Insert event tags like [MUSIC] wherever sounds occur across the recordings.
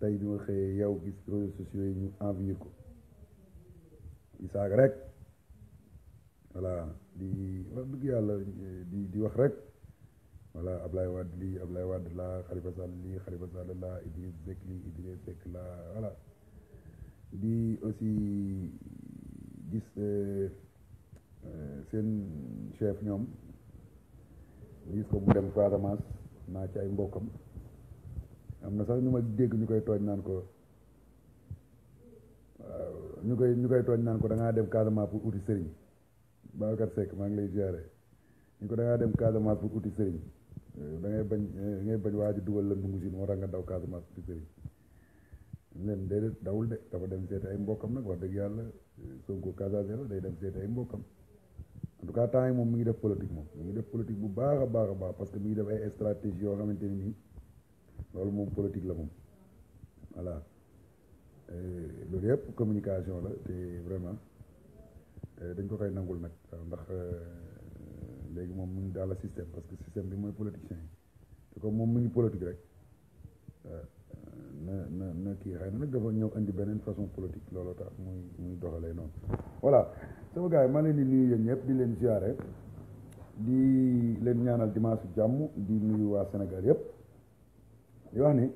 tey bi ma xëyee yow gis réseaux sociaux yi ñu envier ko di saaga rek voilà di wax dëgg yàlla di di wax rek voilà Ablaye Wade lii Ablaye Wade laa Khalifa Sall lii Khalifa Sall laa Idriss Seck lii Idriss Seck laa voilà di aussi gis euh, euh, seen chef ñoom gis ko mu dem Casamance naa ci ay mbokkam am na sax ñu ma dégg ñu koy tooñ naan ko ñu ñu koy tooñ naan ko da ngaa dem Casamance pour uti sëriñ Babacar Seck maa ngi lay ziare ñu ko da ngaa dem Casamance pour uti eh, da ngay bañ eh, da bañ waa ji dugal la ndungu si moo tax nga daw Casamance uti sëriñ leen déedéet dawul de dafa dem seeti ay mbokkam nag wax dëgg yàlla eh, Sonko Casamance day dem seeti ay mbokkam en tout cas temps yi moom mi ngi def politique moom mi ngi def politique bu baax a baax a baax parce que mi ngi def ay stratégie yoo xamante ni nii loolu moom politique la moom voilà loolu yëpp communication la te vraiment euh, dañ ko koy nangul nag ndax euh, léegi moom mu ngi daal la système parce que système bi mooy politicien yi te comme moom mu ngi politique rek euh, na na na kii xëy na nag dafa ñëw indi beneen façon politique looloo tax muy muy doxalee noonu voilà sama gars yi maa leen di nuyu yéen ñëpp di leen ziare di leen ñaanal dimanche jàmm di nuyu waa Sénégal yëpp di wax ni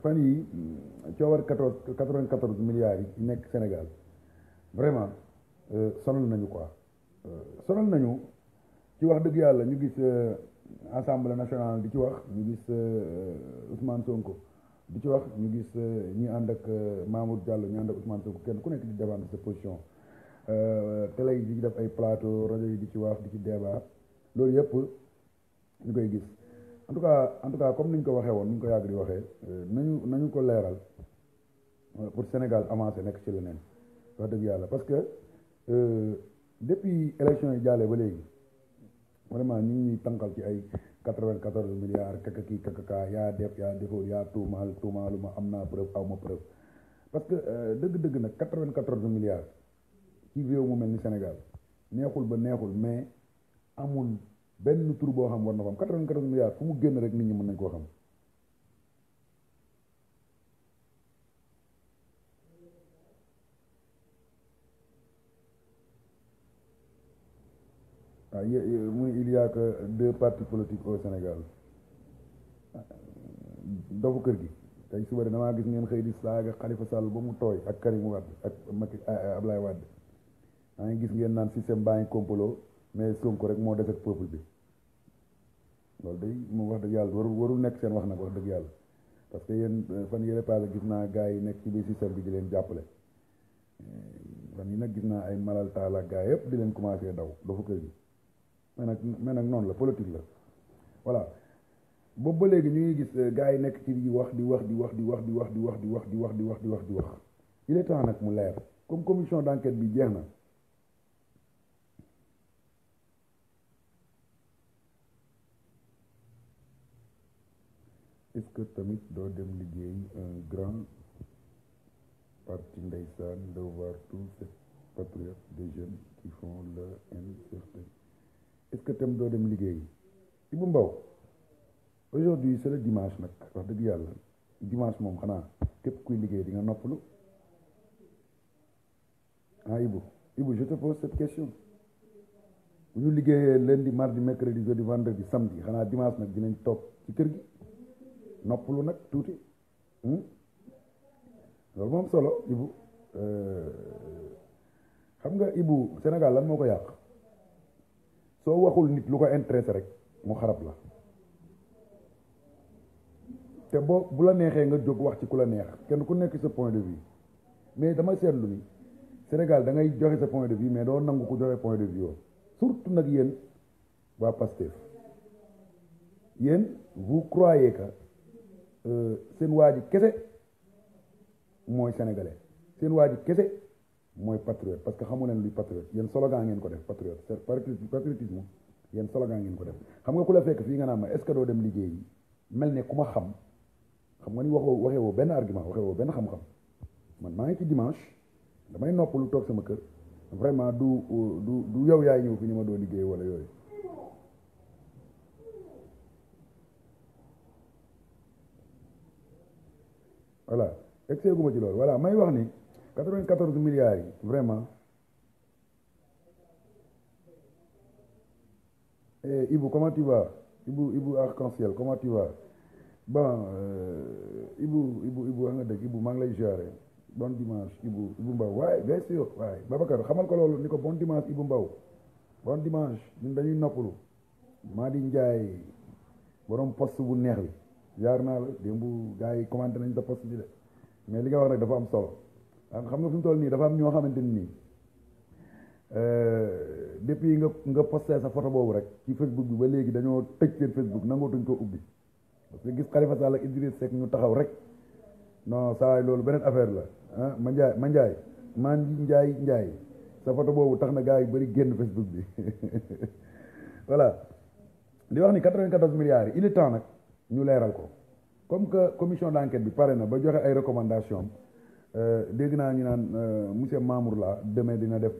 fan yi coowar quatorze quatre-vingt-quatorze milliards yi nekk Sénégal vraiment euh, sonal nañu ko euh, sonal nañu ci wax dëgg yàlla ñu gis euh, assemblée nationale di ci wax ñu gis Ousmane Sonko di ci wax ñu gis ñi ànd ak Mamour Diallo ñu ànd ak Ousmane Sonko kenn ku nekk di défendre sa position télé yi di def ay plateau rajo yi di ci wax di ci débat loolu yëpp ñu koy gis en tout comme ni ñu ko waxee woon ni ñu ko yàgg di waxee euh, nañu nañu ko leeral euh, pour Sénégal avancé nekk ci leneen wax dëgg yàlla parce que euh, depuis élection yi jàllee ba léegi vraiment ñu ngi tànkal ci ay quatre-vingt-quatorze milliards kaka kii kaka kaa yaa def yaa defoo yaa tuumaal tuumaaluma am naa preuve a ma preuve parce que dëgg-dëgg nag quatre-vingt-quatorze milliards ci réew mu mel ni Sénégal neexul ba neexul mais amul. benn tur boo xam war na fa am quatre-vingt-quatorze milliards fu mu génn rek nit ñi mën nañ koo xam ah muy il y a que deux partis politiques au Sénégal ah, dofu kër gi tey suba de damaa gis ngeen xëy di saaga Khalifa Sall ba mu tooy ak Karim Wade ak Macky ah, Ablaye Wade maa ngi gis ngeen naan système baa ngi complot mais sonk rek moo def ak peuple bi loolu de mu wax dëgg yàlla waru warul nekk seen wax nag wax dëgg yàlla parce que yéen fan yële paase gis naa gars yi nekk ci biir système bi di leen jàppale fan yi nag gis naa ay malal taala gars yëpp di leen commencé daw dafa kër gi mais nag mais nag noonu la politique la voilà boobu ba léegi ñu ngi gis gars yi nekk ci di wax di wax di wax di wax di wax di wax di wax di wax di wax di wax di wax il est temps nag mu leer comme commission d'enquête bi jeex na est tamit doo dem liggéey un que tam doo dem liggéey Ibou Mbow aujourd'hui c'est le dimanche nag wax dëgg yàlla dimanche moom xanaa képp kuy liggéey di nga noppalu ah Ibou Ibou je te pose cette ñu liggéeyee lundi mardi mercredi jeudi vendredi samedi xanaa dimanche nag dinañ toog ci kër gi noppalu nag tuuti hmm? loolu moom solo Ibou euh, xam nga Ibou Sénégal lan moo ko yàq soo waxul nit lu ko intéressé rek mu xarab la te boo bu la neexee nga jóg wax ci ku la neex kenn ku nekk sa point de vue mais dama seetlu ni Sénégal da ngay joxe sa point de vue mais doo nangu ku joxe point de vue yoon surtout nag yéen waa Pastef yéen vous croyez que Euh, seen waa kese mooy sénégalais seen waa ji kese mooy patriote parce que xamu leen luy patriote yéen slogan ngeen ko def patriote patriotisme yéen slogan ngeen ko def xam nga ku la fekk fii nga naan ma est-ce que doo dem liggéey yi mel ne ku ma xam xam nga ni waxoo waxee woo benn argument waxee woo benn xam-xam man maa ngi ci dimanche damay noppalu toog sama kër vraiment du euh, du du yow yaay ñëw fi ñu ma doo liggéey wala yooyu voilà excès gu ma ci loolu voilà may wax ni quatre-vingt-quatorze milliards yi vraiment ibu eh, Ibou comment tu vas Ibou Ibou arc-en-ciel comment tu vas bon euh, Ibou Ibou Ibou wax nga lay ziare bon dimanche Ibou Ibou Mbaw waaye bien sûr waaye Babacar xamal ko loolu ni ko bon dimanche Ibou Mbaw bon dimanche ñun dañuy noppalu maa di njaay borom poste bu neex li jaar naa la démb gars yi commenté nañ sa post bi de mais li nga wax nag dafa am solo ah, xam nga fi mu toll nii dafa am ñoo xamante ni nii euh, depuis nga nga posté sa photo boobu rek ci Facebook bi ba léegi dañoo tëj seen Facebook nangootuñ ko ubbi parce que gis Khalifa Sall ak Idriss Seck ñu taxaw rek non saa waay loolu beneen affaire la ah ma njaay ma njaay maan njaay njaay sa photo boobu tax na gaa yi bëri génn Facebook bi [LAUGHS] voilà li wax ni quatre-vingt-quatorze milliards yi il temps nag ñu leeral ko comme que commission d'enquête bi pare na ba joxe ay recommandations euh, dégg naa ñu naan euh, monsieur Mamour la demain dina def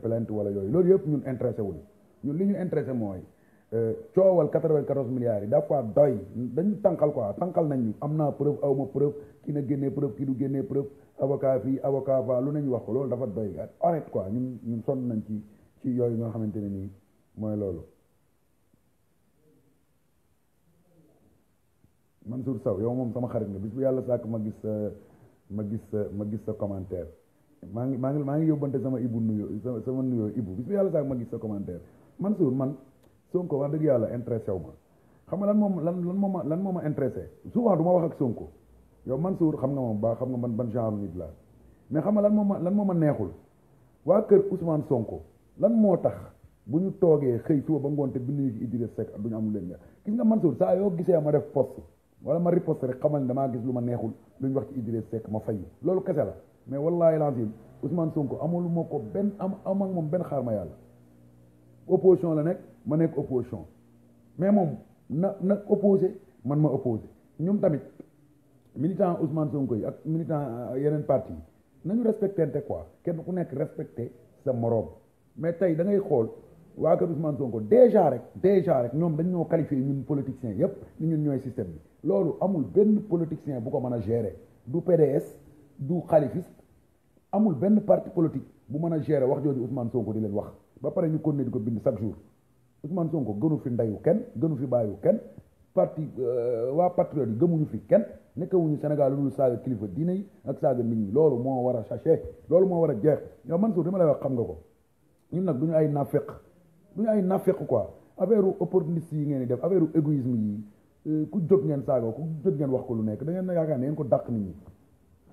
pelent wala yooyu loolu yëpp ñun intéressé wul ñun li ñu intéressé mooy euh, coowal 94 milliards yi dafa doy dañu tànqal quoi tànqal nañ ñu am naa preuve aw ma preuve ki na génnee preuve ki du génnee preuve avocat fii avocat fa lu nañu wax ko loolu dafa doy honnête quoi ñun ñun sonn nañ ci ci yooyu nga xamante ne nii mooy loolu Mansour saw yow moom sama xarit nga bis bu yàlla sàkk ma gis ma gis ma gis sa commentaire maa ngi maa ngi maa ngi yóbbante sama ibu nuyoo sama sama nuyoo ibu bis bu yàlla sàkk ma gis sa commentaire Mansour man Sonko wax dëgg yàlla intéressé wu ma xam nga lan moom lan lan moo ma lan moo ma intéressé souvent du ma wax ak Sonko yow Mansour xam nga moom baax xam nga man ban genre nit la mais xam nga lan moo ma lan moo ma neexul waa kër Ousmane Sonko lan moo tax bu ñu toogee xëy suba ba ngoon te bind ñu ci Idrissa Seck duñu am leen nga gis nga Mansour saa yoo gisee ma def poste wala ma riposte xamal ne damaa gis lu ma neexul lu ñu wax ci Idriss Seck ma fay loolu kese la mais wallaahi lazim Ousmane Sonko amul moo ko benn am am ak moom benn xaar ma yàlla opposition la nekk ma nekk opposition mais moom na na opposé man ma opposé ñoom tamit militant Ousmane Sonko yi ak militant yeneen parti yi nañu respecté quoi kenn ku nekk respecté sa moroom mais tey da ngay xool. waa kër Ousmane Sonko déjà rek déjà rek ñoom dañ ñoo qualifié ñun politiciens yëpp ni ñun ñooy système bi loolu amul benn politicien bu ko mën a gérer du PDS du xalifiste amul benn parti politique bu mën a gérer wax jooju Ousmane Sonko di leen wax ba pare ñu continuer di ko bind chaque jour son ko gënu fi ndeyu kenn gënu fi baayu kenn parti euh, waa patriote yi gëmuñu fi kenn nekkewuñu Sénégal lu dul saaga kilifa diine yi ak saaga nit ñi loolu moo war a loolu moo war a jeex yow man suuf dama lay wax xam nga ko ñun nag du ñu ay nafeq du ñu ay nafeq quoi affaire opportuniste yi ngeen di def affaire égoïsme yi euh, ku jóg ngeen saaga ku jóg ngeen wax ko lu nekk da ngeen na ko dàq nit ñi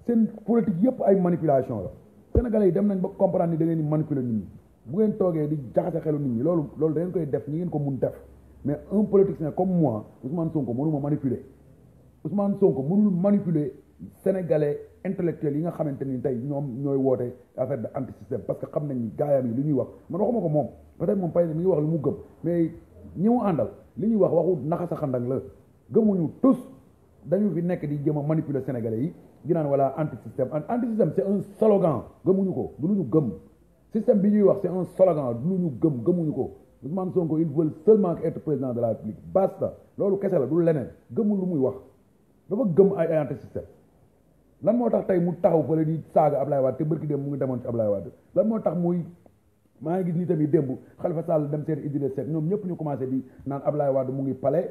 seen politique yëpp ay manipulation la sénégalais yi dem nañ ba comprendre ni da ngeen di manipuler nit ñi bu ngeen toogee di jaxase xelu nit ñi loolu loolu da koy def ñi ngeen ko mun def mais un politicien comme moi Ousmane Sonko mënuma manipuler Ousmane Sonko mënul manipuler sénégalais intellectuels yi nga xamante ni tey ñoom ñooy woote affaire de anti système parce que xam nañ gaayam yi lu ñuy wax man waxuma ko moom peut-être moom pay mi ngi wax lu mu gëm mais ñi mu àndal li ñuy wax waxu naxasa xandang la gëmuñu tous dañu fi nekk di jéem a manipuler sénégalais yi di naan voilà anti système anti système c'est un slogan gëmuñu ko du lu ñu gëm système bi ñuy wax c'est un slogan du lu ñu gëm gëmuñu ko Ousmane Sonko il veut seulement être président de la République basta loolu kese la du leneen gëmul lu muy wax dafa gëm ay anti système lan moo tax tey mu taxaw fële di saaga Ablaye Wade te bërki dem mu ngi demoon ci Ablaye Wade lan moo tax muy maa ngi gis ni tamit démb Khalifa Sall dem seen Idrissa Seck ñoom ñëpp ñu commencé di naan Ablaye Wade mu ngi pale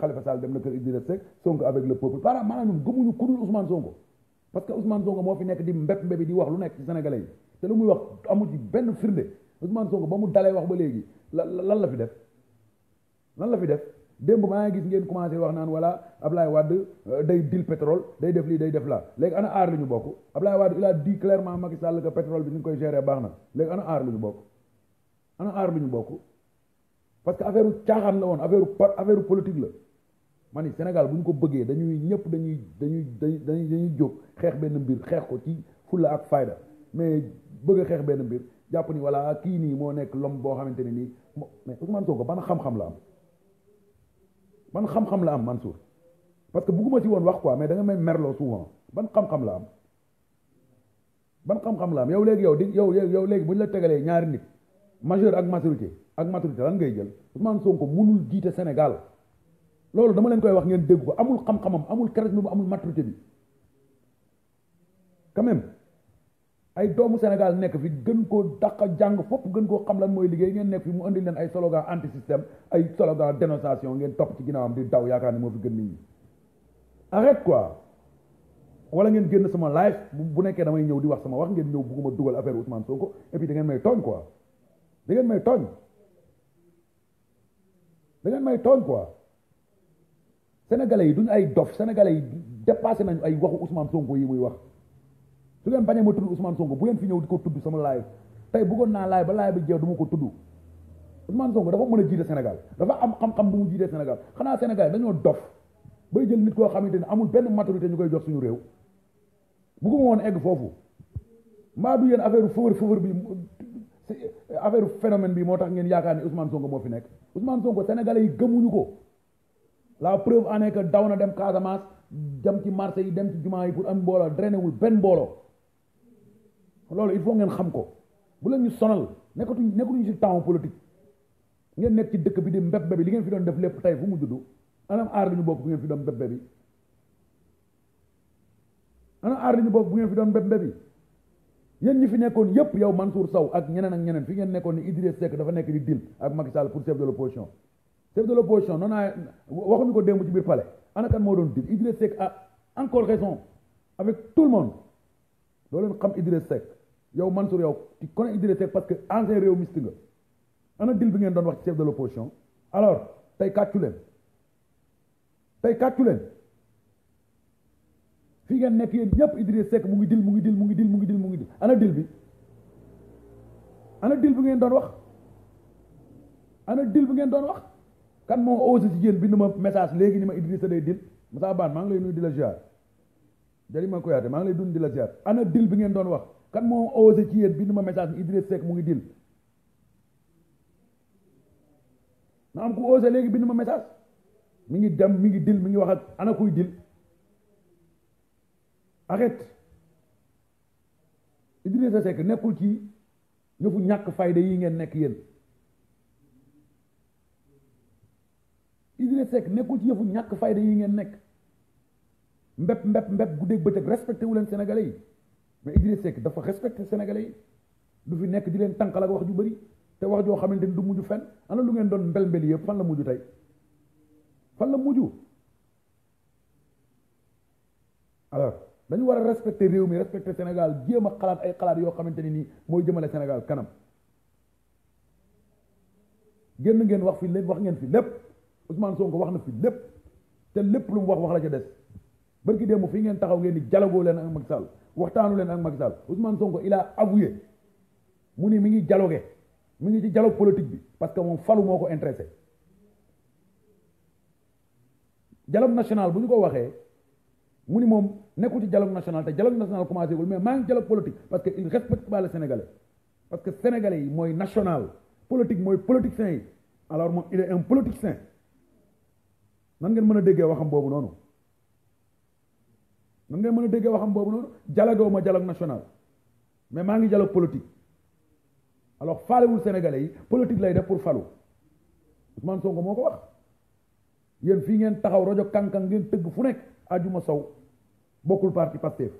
Khalifa Sall dem na kër Idrissa Seck Sonko avec le peuple par maanaam ñun gëmuñu ku dul Ousmane Sonko parce que Ousmane Sonko moo fi nekk di mbépp mbébi di wax lu nekk ci sénégalais yi te lu muy wax amu ci benn firnde Ousmane Sonko ba mu dalee wax ba léegi lan la fi def lan la fi def démb maa ngi gis ngeen commencé wax naan voilà Ablaye Wade euh, day dil pétrole day def lii day def laa léegi ana aar lu ñu bokk Ablaye Wade il a dit clairement Macky Sall que pétrole bi ni ñu koy gérer baax na léegi ana aar lu ñu bokk ana aar lu ñu bokk parce que affaire caaxaan la woon affaire affaire politique la ma ni Sénégal bu ñu ko bëggee dañuy ñëpp dañuy dañuy dañuy dañuy jóg xeex benn mbir xeex ko ci fulla ak fayda mais bëgg a xeex benn mbir jàpp ni voilà kii nii moo nekk l'homme boo xamante ne nii mais Ousmane Sonko ban xam la am. man xam-xam la am Mansour parce que bugguma ci woon wax ko mais danga nga may merloo souvent ban xam-xam la am ban xam-xam la am yow léegi yow di yow yow léegi bu ñu la tegalee ñaari nit majeur ak maturité ak maturité lan ngay jël Ousmane Sonko mënul jiite Sénégal loolu dama leen koy wax ngeen dégg ko amul xam-xamam amul charisme bu amul maturité bi quand même ay doomu Sénégal nekk fi gën koo dàq jàng fopp gën koo xam lan mooy liggéey ngeen nekk fi mu indi leen ay slogan anti système ay slogan dénonciation ngeen topp ci am di daw yaakaar ne moo fi gën nit ñi arrête quoi wala ngeen génn sama live bu nekkee damay ñëw di wax sama wax ngeen ñëw bugguma dugal affaire Ousmane Sonko et puis da ngeen may tooñ quoi da may tooñ da ngeen may tooñ quoi sénégalais yi duñ ay dof sénégalais yi dépassé nañu ay waxu Ousmane Sonko yi muy wax su ngeen bañee ma tudd Ousmane Sonko bu leen fi ñëw di ko tudd sama live tey bëggoon naa live ba live bi jeex du ma ko tudd Ousmane Sonko dafa mën a jiite Sénégal dafa am xam-xam bu mu jiite Sénégal xanaa Sénégal dañoo dof bay jël nit koo xamante ne amul benn maturité ñu koy jox suñu réew bëgguma woon egg foofu mbaa du yéen affaire faveur faveur bi affaire phénomène bi moo tax ngeen yaakaar ne Ousmane Sonko moo fi nekk Ousmane ko sénégalais yi gëmuñu ko la preuve en est na dem Casamance dem ci marché yi dem ci jumaa yi pour am mbooloo drainé wul benn mbooloo loolu il faut ngeen xam ko bu leen ñu sonal nekkatuñ nekkatuñ ci temps politique ngeen nekk ci dëkk bi di mbeb bi li ngeen fi doon def lépp tey fu mu juddu anam aar li ñu bokk bu ngeen fi doon mbébbe bi anam ñu bu ngeen fi doon bi yéen ñi fi nekkoon yépp yow Mansour saw ak ñeneen ak ñeneen fi ngeen nekkoon ni Idriss Seck dafa nekk di deal ak Macky Sall pour chef de l'opposition chef de l'opposition noonu naa waxuñu ko démb ci biir palais ana moo doon deal Idriss Seck a encore raison avec tout le monde loolu leen xam Idriss Seck yow Mansour yow tu connais Idrissa Seck parce que ancien réewmiste nga ana dil bi ngeen doon wax ci chef de l'opposition alors tey kàccu leen tey kàccu leen fii ngeen nekk yéen ñëpp Idrissa Seck mu ngi dil mu ngi dil mu ngi dil mu ngi dil mu ngi dil ana dil bi ana dil bi ngeen doon wax ana dil bi ngeen doon wax kan moo osé ci yéen bind ma message léegi ni ma Idrissa day dil Moussa Bane maa ngi lay nuyu di la ziar Jalima Kouyaté maa ngi lay dund di la ziar ana dil bi ngeen doon wa kan moo osé ci yéen bind ma message ni Idriss Seck mu ngi dil na am ku osé léegi bind ma message mi ngi dem mi ngi dil mi ngi wax ak ana kuy dil arrête Idriss Seck nekkul ci ñëfu ñàkk fayda yi ngeen nekk yéen Idriss Seck nekkul ci yëfu ñàkk fayda yi ngeen nekk mbépp mbépp mbépp guddeeg bëccëg respecté wu leen sénégalais yi mais Idriss Seck dafa respecté Sénégalais yi du fi nekk di leen tànqal ak wax ju bëri te wax joo xamante ni du mujj fenn ana lu ngeen doon mbel mbel yëpp fan la mujj tey fan la mujj alors dañu war a respecté réew mi respecté Sénégal jéem a xalaat ay xalaat yoo xamante ni nii mooy jëmale Sénégal kanam génn ngeen wax fi leen wax ngeen fi lépp Ousmane Sonko wax na fi lépp te lépp lu mu wax wax la ca des barki dem fii ngeen taxaw ngeen di jalagoo leen ak Macky waxtaanu leen ak Macky Sall Ousmane Sonko il a avoué mu ni mi ngi dialogué mu ngi ci dialogue politique bi parce que moom falu moo ko intéressé dialogue national bu ñu ko waxee mu ni moom nekkul ci dialogue national te dialogue national commencé gul mais maa ngi dialogue politique parce que il respecte pas le sénégalais parce que sénégalais yi mooy national politique mooy politicien yi alors moom il est un politicien nan ngeen mën a déggee waxam boobu noonu nan ngay mën a déggee waxam boobu noonu dialogue ma dialogue national mais maa ngi dialogue politique alors faalewul sénégalais yi politique lay def pour falu Ousmane sonk moo ko wax yéen fii ngeen taxaw rajo kankan ngeen tëgg fu nekk ajuma sow bokkul parti Pastef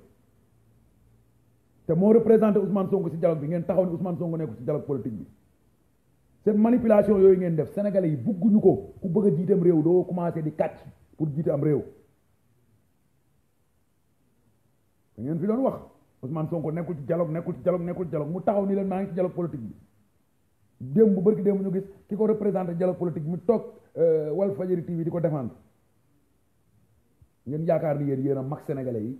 te moo représenté Ousmane Sonko si dialogue bi ngeen taxaw ni Ousmane Sonko nekkul si dialogue politique bi seen manipulation yooyu ngeen def sénégalais yi bugguñu ko ku bëgg a jiiteem réew doo commencé di kàcc pour jiite am réew ngeen fi doon wax Ousmane Sonko nekkul ci dialogue nekkul ci dialogue nekkul ci dialogue mu taxaw ni leen maa ngi ci dialogue politique bi démb bu bërki démb ñu gis ki ko représenté dialogue politique bi mu toog euh, Walf Fadjri TV di ko défendre ngeen yaakaar ni yéen yéen a mag sénégalais yi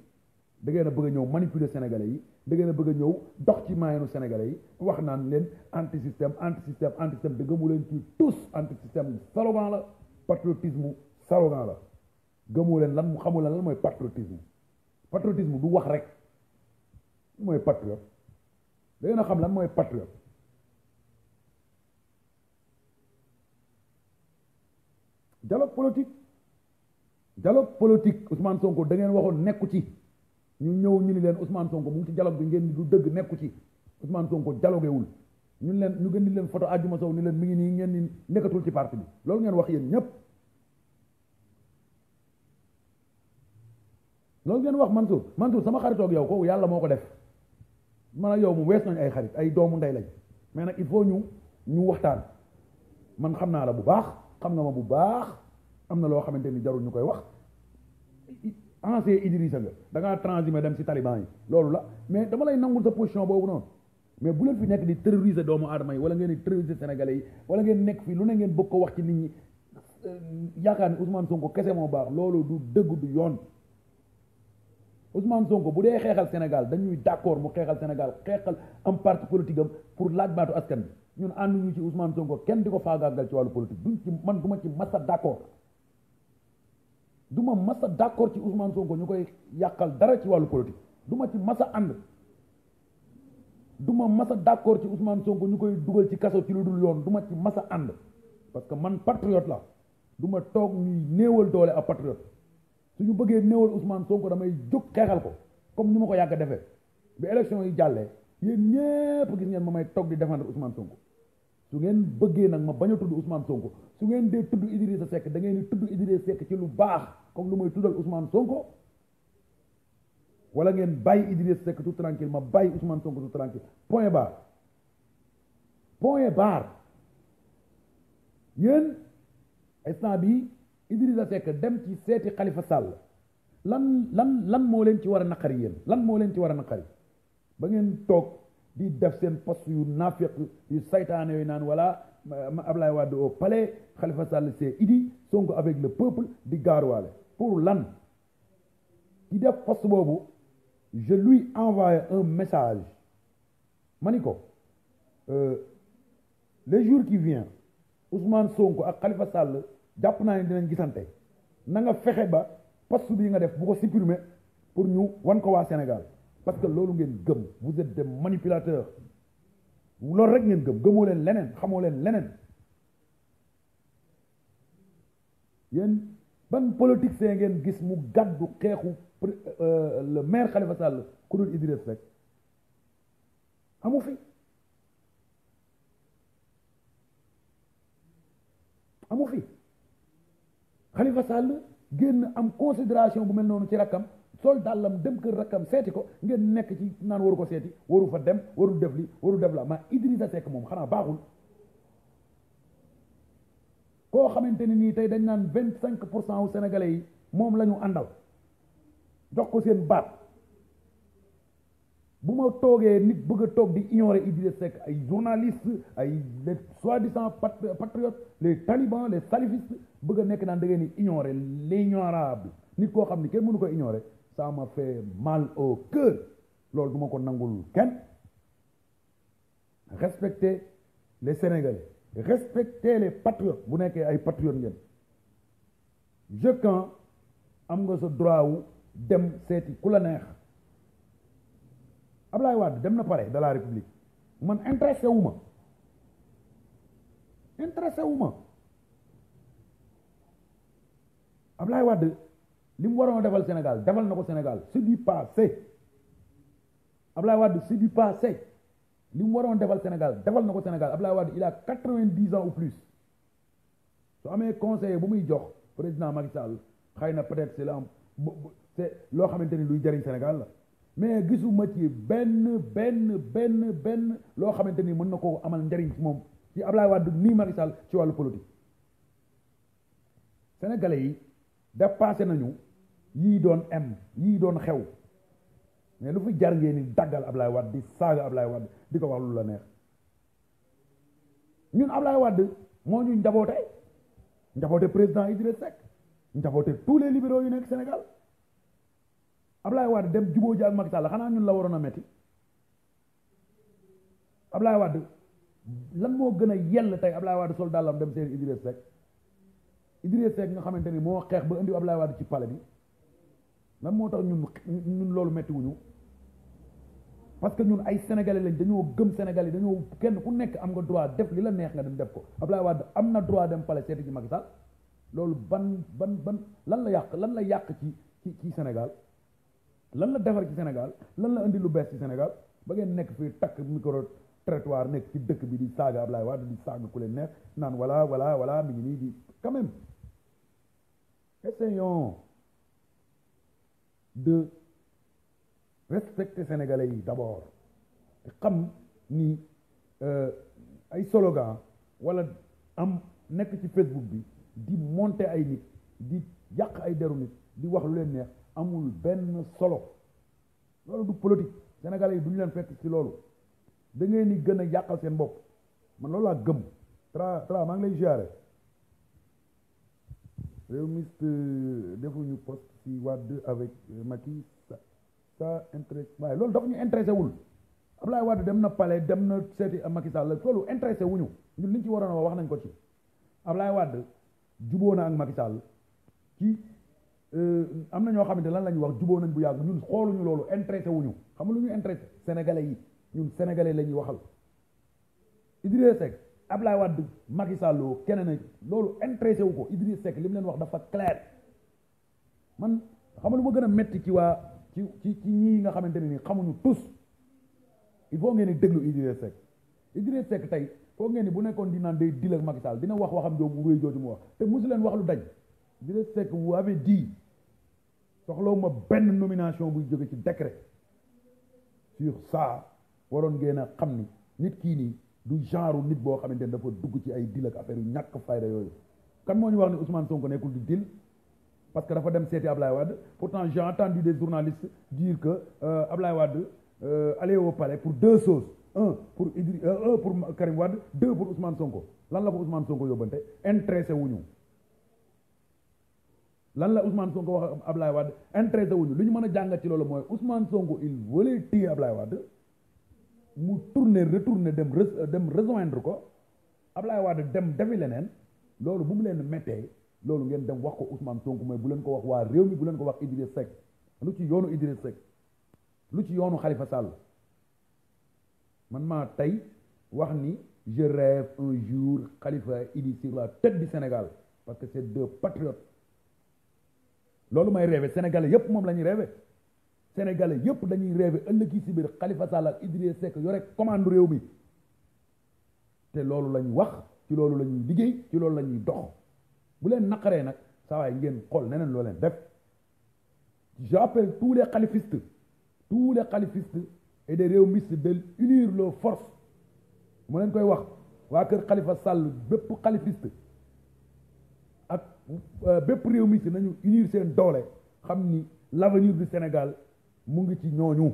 da ngeen a bëgg a ñëw manipuler sénégalais yi da ngeen a bëgg a ñëw dox ci maayanu sénégalais yi wax naan leen anti système anti système anti système da gëmu leen ci tous anti système slogan la patriotisme slogan la gëmoo leen lan mu xamul lan mooy patriotisme patriotisme du wax rek mooy patriote da ngeen a xam lan mooy patriote dialogue politique dialogue politique Ousmane Sonko da ngeen waxoon nekku ci ñu ñëw ñu ni leen Ousmane Sonko mu ngi ci dialogue bi ngeen ni du dëgg nekku ci Ousmane Sonko dialoguewul ñun leen ñu gën di leen photo àjjuma sow ni leen mu ngi nii ngeen ni nekkatul ci parti bi loolu ngeen wax yéen ñëpp loolu ngeen wax Mansour Mansour sama xaritoog yow ko yàlla moo ko def man ak yow mu wees nañ ay xarit ay doomu ndey lañ mais nag il faut ñu ñu waxtaan man xam naa la bu baax xam nga ma bu baax am na loo xamante ni jarul ñu koy wax ancien Idrissa nga da ngaa transhumé dem si taliban yi loolu la mais dama lay nangul sa position boobu noonu mais bu leen fi nekk di terroriser doomu aadama yi wala ngeen di terroriser sénégalais yi wala ngeen nekk fii lu ne ngeen bëgg ko wax ci nit ñi euh, yaakaar ni Ousmane Sonko kese moo baax loolu du dëgg du yoon Ousmane Sonko bu dee xeexal Sénégal dañuy d'accord mu xeexal Sénégal xeexal am parti politique am pour laaj baatu askan bi ñun ànduñu ci Ousmane Sonko kenn di ko faagaagal ci wàllu politique duñ ci man du ma ci masa d'accord du ma masa d'accord ci Ousmane Sonko ñu koy yàqal dara ci wàllu politique du ma ci masa ànd du ma masa d'accord ci Ousmane Sonko ñu koy dugal ci kaso ci lu dul yoon duma ma ci masa ànd parce que man patriote la du ma toog ñuy néewal doole ab patriote ñu bëggee néewal Ousmane Sonko damay jóg xeexal ko comme ni ma ko yàgg defee bi élection yi jàlle yéen ñépp gis ngeen ma may toog di défendre Ousmane Sonko su ngeen bëggee nag ma bañ a tudd Ousmane Sonko su ngeen dee tudd Idrissa Seck da ngeen di tudd Idrissa Seck ci lu baax comme lu may tuddal Ousmane Sonko wala ngeen bàyyi Idrissa Seck tout tranquille ma bàyyi Ousmane Sonko su tranquille point barre point barre yéen instant bi Idrissa Seck dem ci seeti xalifa Sall lan lan lan moo leen ci war a naqari yéen lan moo leen ci war a naqari ba ngeen toog di def seen post yu naafiq yu saytaane yooyu naan voilà Ablaye Wade au xalifa Khalifa Sall c'est Idi Sonko avec le peuple di gaaruwaale pour lan di def poste boobu je lui envoie un message ma ni ko euh, le jour qui vient Ousmane Sonko ak Khalifa Sall jàpp naa ne dinañ gisante na nga fexe ba poste bii nga def bu ko supprimer pour ñu wan ko waa Sénégal parce que loolu ngeen gëm vous êtes des manipulateurs loolu rek ngeen gëm gëmoo leen leneen xamoo leen leneen yéen ban politique see ngeen gis mu gàddu xeexu euh, euh, le maire Khalifa Sall ku dul Idriss rek amu fi amu fi Khalifa Sall génn am considération bu mel noonu ci rakkam sol dàllam dem kër rakkam seeti ko ngeen nekk ci naan waru ko seeti waru fa dem waru def li waru def la ma Idrissa Seck moom xanaa baaxul koo xamante ni nii tey dañ naan vingt cinq pour cent wu sénégalais yi moom lañu ñu àndal jox ko seen baat bu ma toogee nit bëgg a toog di ignorer Idrissa Seck ay journalistes ay les soi-disant patriotes les talibans les salafistes bëgg a nekk naan da ngeen di ignorer l'ignorable nit koo xam ni kenn mënu ko ignorer ça m'a fait mal au cœur loolu du ma ko nangul kenn respecter les Sénégalais respecter les patriotes bu nekkee ay patriotes ngeen je quand am nga sa droit wu dem seeti ku la neex Ablaye Wade dem na pare de la République man intéressé wu ma intéressé wu ma Ablaye Wade li mu waroon a defal Sénégal defal na ko Sénégal c'est du passé Ablaye Wade c'est du passé li mu waroon defal Sénégal defal na ko Sénégal Ablaye Wade il a quatre-vingt-dix ans ou plus su amee conseiller bu muy jox président Macky Sall xëy na peut-être c'est la c'est loo xamante ni luy jëriñ Sénégal la mais gisuma ci benn benn benn benn loo xamante ni mën na koo amal njariñ moom ci Ablaye Wade nii Macky ci wàllu politique sénégalais yi dépassé nañu yii doon am yii doon xew mais lu fi jar ngeen ni daggal Ablaye Wade di saaga Ablaye Wade di ko wax lu la neex ñun Ablaye Wade moo ñu njaboote njaboote président Idrissa Seck njaboote tous les libéraux yu nekk Sénégal Ablaye Wade dem jubóo ji ak Macky Sall xanaa ñun la waroon a metti Ablaye Wade lan moo gën a yell tey Ablaye Wade sol dàllam dem seen Idriss Seck Idriss seek nga xamante ni moo xeex ba indi Ablaye Wade ci pale bi lan moo tax ñun ñun loolu metti wuñu parce que ñun ay sénégalais lañ dañoo gëm sénégalais dañoo kenn ku nekk am nga droit def li la neex nga dem def ko Ablaye Wade am na droit dem palais seeti ci Macky Sall loolu ban ban ban lan la yàq lan la yàq ci ci ci lan la defar ci Sénégal lan la indi lu bees ci Sénégal ba ngeen nekk fii takk micro trottoir nekk ci dëkk bi di saaga Ablaye Wade di saaga ku leen neex naan voilà voilà voilà mi ngi nii di quand même essayons de respecter sénégalais yi d'abord te xam ni euh, ay slogan wala am nekk ci Facebook bi di monter ay nit di yàq ay deru nit di wax lu leen neex amul benn solo loolu du politique sénégalais yi du ñu leen fekk si loolu da ngeen ni gën a yàqal seen bopp man loolu laa gëm tra tra maa ngi lay ziare réew miste euh, defuñu poste ci Wade avec euh, Macky ça ça intéresse waaye loolu dafa ñu intéressé wul Ablaye Wade dem na pale dem na seeti Macky Sall loolu intéressé wuñu ñun liñ ci waroon a wax nañ ko ci Ablaye Wade juboo na ak Macky Sall ci Euh, am na ñoo xamante lan la ñuy wax juboo nañ bu yàgg ñun xooluñu loolu intéressé wuñu xam nga ñu intéressé sénégalais yi ñun sénégalais la ñuy waxal Idrissa Seck Ablaye Wade Macky Sall keneen ak loolu intéressé wu ko Idrissa Seck li mu leen wax dafa clair man xam nga lu ma gën a metti ci waa ci ci ci ñii nga xamante ne nii xamuñu tous il faut ngeen di déglu Idrissa Seck Idrissa Seck tey foo ngeen ni bu nekkoon di naan day dil ak Macky dina wax waxam jooju réy jooju mu wax te mosu leen wax lu dañ Idrissa Seck vous avez dit soxlawu ma benn nomination buy jóge ci décret sur ça waroon ngeen a xam ni nit kii nii du genre nit boo xamante ni dafa dugg ci ay dil ak affaire ñàkk fayda yooyu kan moo ñu wax ni Ousmane Sonko nekkul di dil parce que dafa dem seeti Ablaye Wade pourtant j'ai entendu des journalistes dire que euh, Ablaye Wade euh, allait au palais pour deux choses pour Idri euh, pour Karim Wade deux pour Ousmane Sonko lan la ko Ousmane Sonko yóbbante intéressé wuñu lan la Ousmane Sonko wax ab Ablaye Wade intéressé wuñu lu ñu mën a jàngat ci loolu mooy Ousmane Sonko il voulait téye Ablaye Wade mu tourner retourner dem dem rejoindre ko Ablaye Wade dem defi leneen loolu bu mu leen méttee loolu ngeen dem wax ko Ousmane Sonko mooy bu leen ko wax waa réew mi bu leen ko wax Idriss Seck lu ci yoonu Idriss Seck lu ci yoonu xalifa Sall man maa tey wax ni je rêve un jour Khalifa Idi sur la tête Sénégal parce que c'est deux patriotes loolu may rêvé sénégalais yépp moom la ñuy rêvé sénégalais yépp dañuy rêvé ëllëg yi si biir Khalifa Sall ak Idriss Seck yore commande réew mi te loolu la wax ci loolu la ñuy liggéey ci loolu la ñuy dox bu leen naqaree nag saa ngeen xool neneen loo leen def j'appelle tous les khalifistes tous les khalifistes et des réewmistes de unir loo force mu leen koy wax waa kër Khalifa Sall bépp khalifiste Euh, bépp réew mi si nañu unir seen doole xam ni l'avenir du Sénégal mu ngi ci ñooñu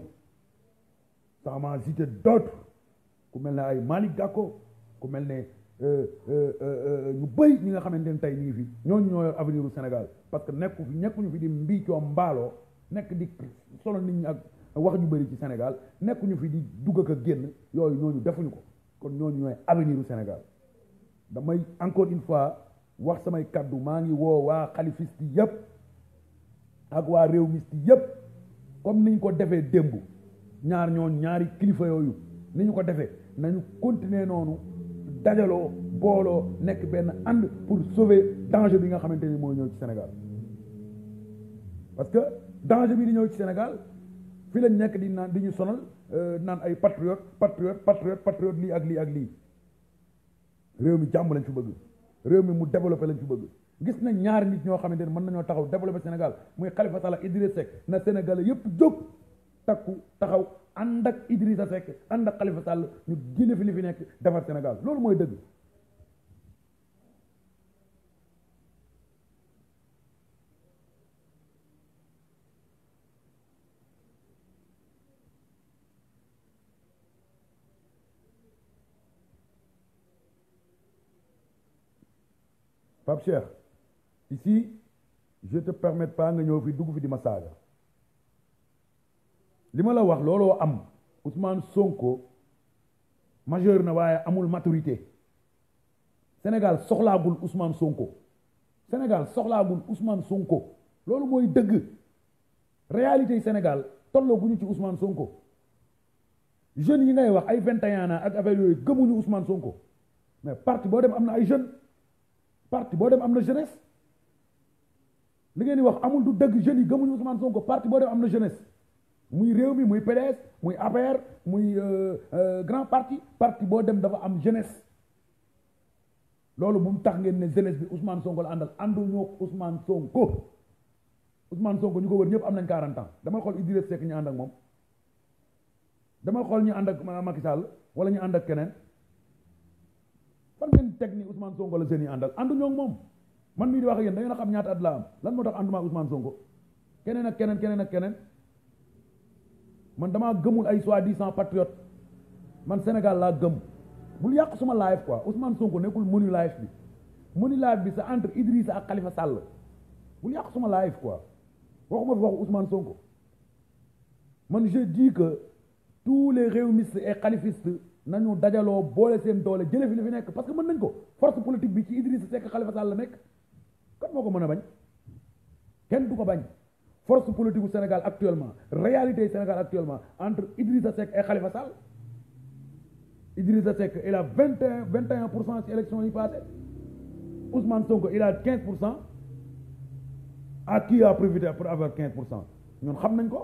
sans en citer d'autres ku mel ne ay Malick Gakou ku mel ne euh, euh, ñu bëri ñi nga xamante ne tey ñu fi ñooñu ñoo yor avenir du Sénégal parce que nekku fi nekkuñu fi di mbii coo mbaaloo nekk di solo nit ñi ak wax ñu bëri ci Sénégal nekkuñu fi di dugg ak a génn yooyu ñooñu defuñu ko kon ñooñu ñooy avenir du Sénégal damay encore une fois wax samay kaddu maa ngi woo waa xalifiste yëpp ak waa réew miste yëpp comme ni ñu ko defee démb ñaar ñoon ñaari kilifa yooyu ni ñu ko defee nañu continuer noonu dajaloo booloo nekk benn ànd pour sauver danger bi nga xamante ni mooy ñëw ci Sénégal parce que danger bi di ñëw ci Sénégal fii lañ nekk di naan di ñu sonal euh, naan ay patriote patriote patriote patriote lii ak lii ak lii réew mi jàmm lañ fi bëgg réew mi mu développé lañ fi bëgg gis na ñaar nit ñoo xamante ne mën nañoo taxaw développé Sénégal muy Khalifa Sall Idriss Seck na Sénégal yëpp jóg takku taxaw ànd ak Idrissa Seck ànd ak Khalifa Sall ñu génne fi li fi nekk defar Sénégal loolu mooy dëgg Pape Cheikh si je te permets pas nga ñëw fi dugg fi di ma saaga li ma la wax looloo am Ousmane Sonko majeur na waaye amul maturité Sénégal soxlaagul Ousmane Sonko Sénégal soxlaagul Ousmane Sonko loolu mooy dëgg réalité Sénégal tolloo gu ñu ci Ousmane Sonko jeunes yi ngay wax ay vingt et ak affaire yooyu gëmuñu Ousmane Sonko mais parti boo dem am na ay jeunes. parti boo dem am na jeunesse li ngeen di wax amul du dëgg jeunes yi gëmuñu Ousmane Sonko parti boo dem am na jeunesse muy réew mi muy PDS muy APR muy euh, euh, grand parti parti boo dem dafa am jeunesse loolu bu mu tax ngeen ne jeunesse bi Ousmane Sonko la àndal ànduñoo Ousmane Sonko Ousmane Sonko ñu ko wër ñëpp am nañ 40 ans dama xool Idrissa Seck ñu ànd ak moom dama xool ñu ànd ak Macky Sall wala ñu ànd ak keneen. teg ni Ousmane Sonko la seen i àndal àndu ñoo moom man mii di wax ak yéen da ngeen a xam ñaata at la am lan moo tax ànduma Ousmane Sonko keneen ak keneen keneen ak keneen man damaa gëmul ay di disant patriote man Sénégal laa gëm bul yàq suma live quoi Ousmane Sonko nekkul menu live bi menu live bi sa entre Idrissa ak Khalifa Sall bul yàq suma live quoi waxuma fi waxu Ousmane Sonko man je dis que tous les réumistes et khalifistes nañu dajaloo boole seen doole jële fi li fi nekk parce que mën nañ ko force politique bi ci Idrissa Seck Khalifa Sall la nekk kan moo ko mën a bañ kenn du ko bañ force politique u Sénégal actuellement réalité yu Sénégal actuellement entre Idrissa sekk ay Khalifa Sall Idrissa Seck il a vingt et vingt et pour cent ci élection yi passé Ousmane Sonko quinze pour cent à qui a pour avoir quinze pour cent ñun xam nañ ko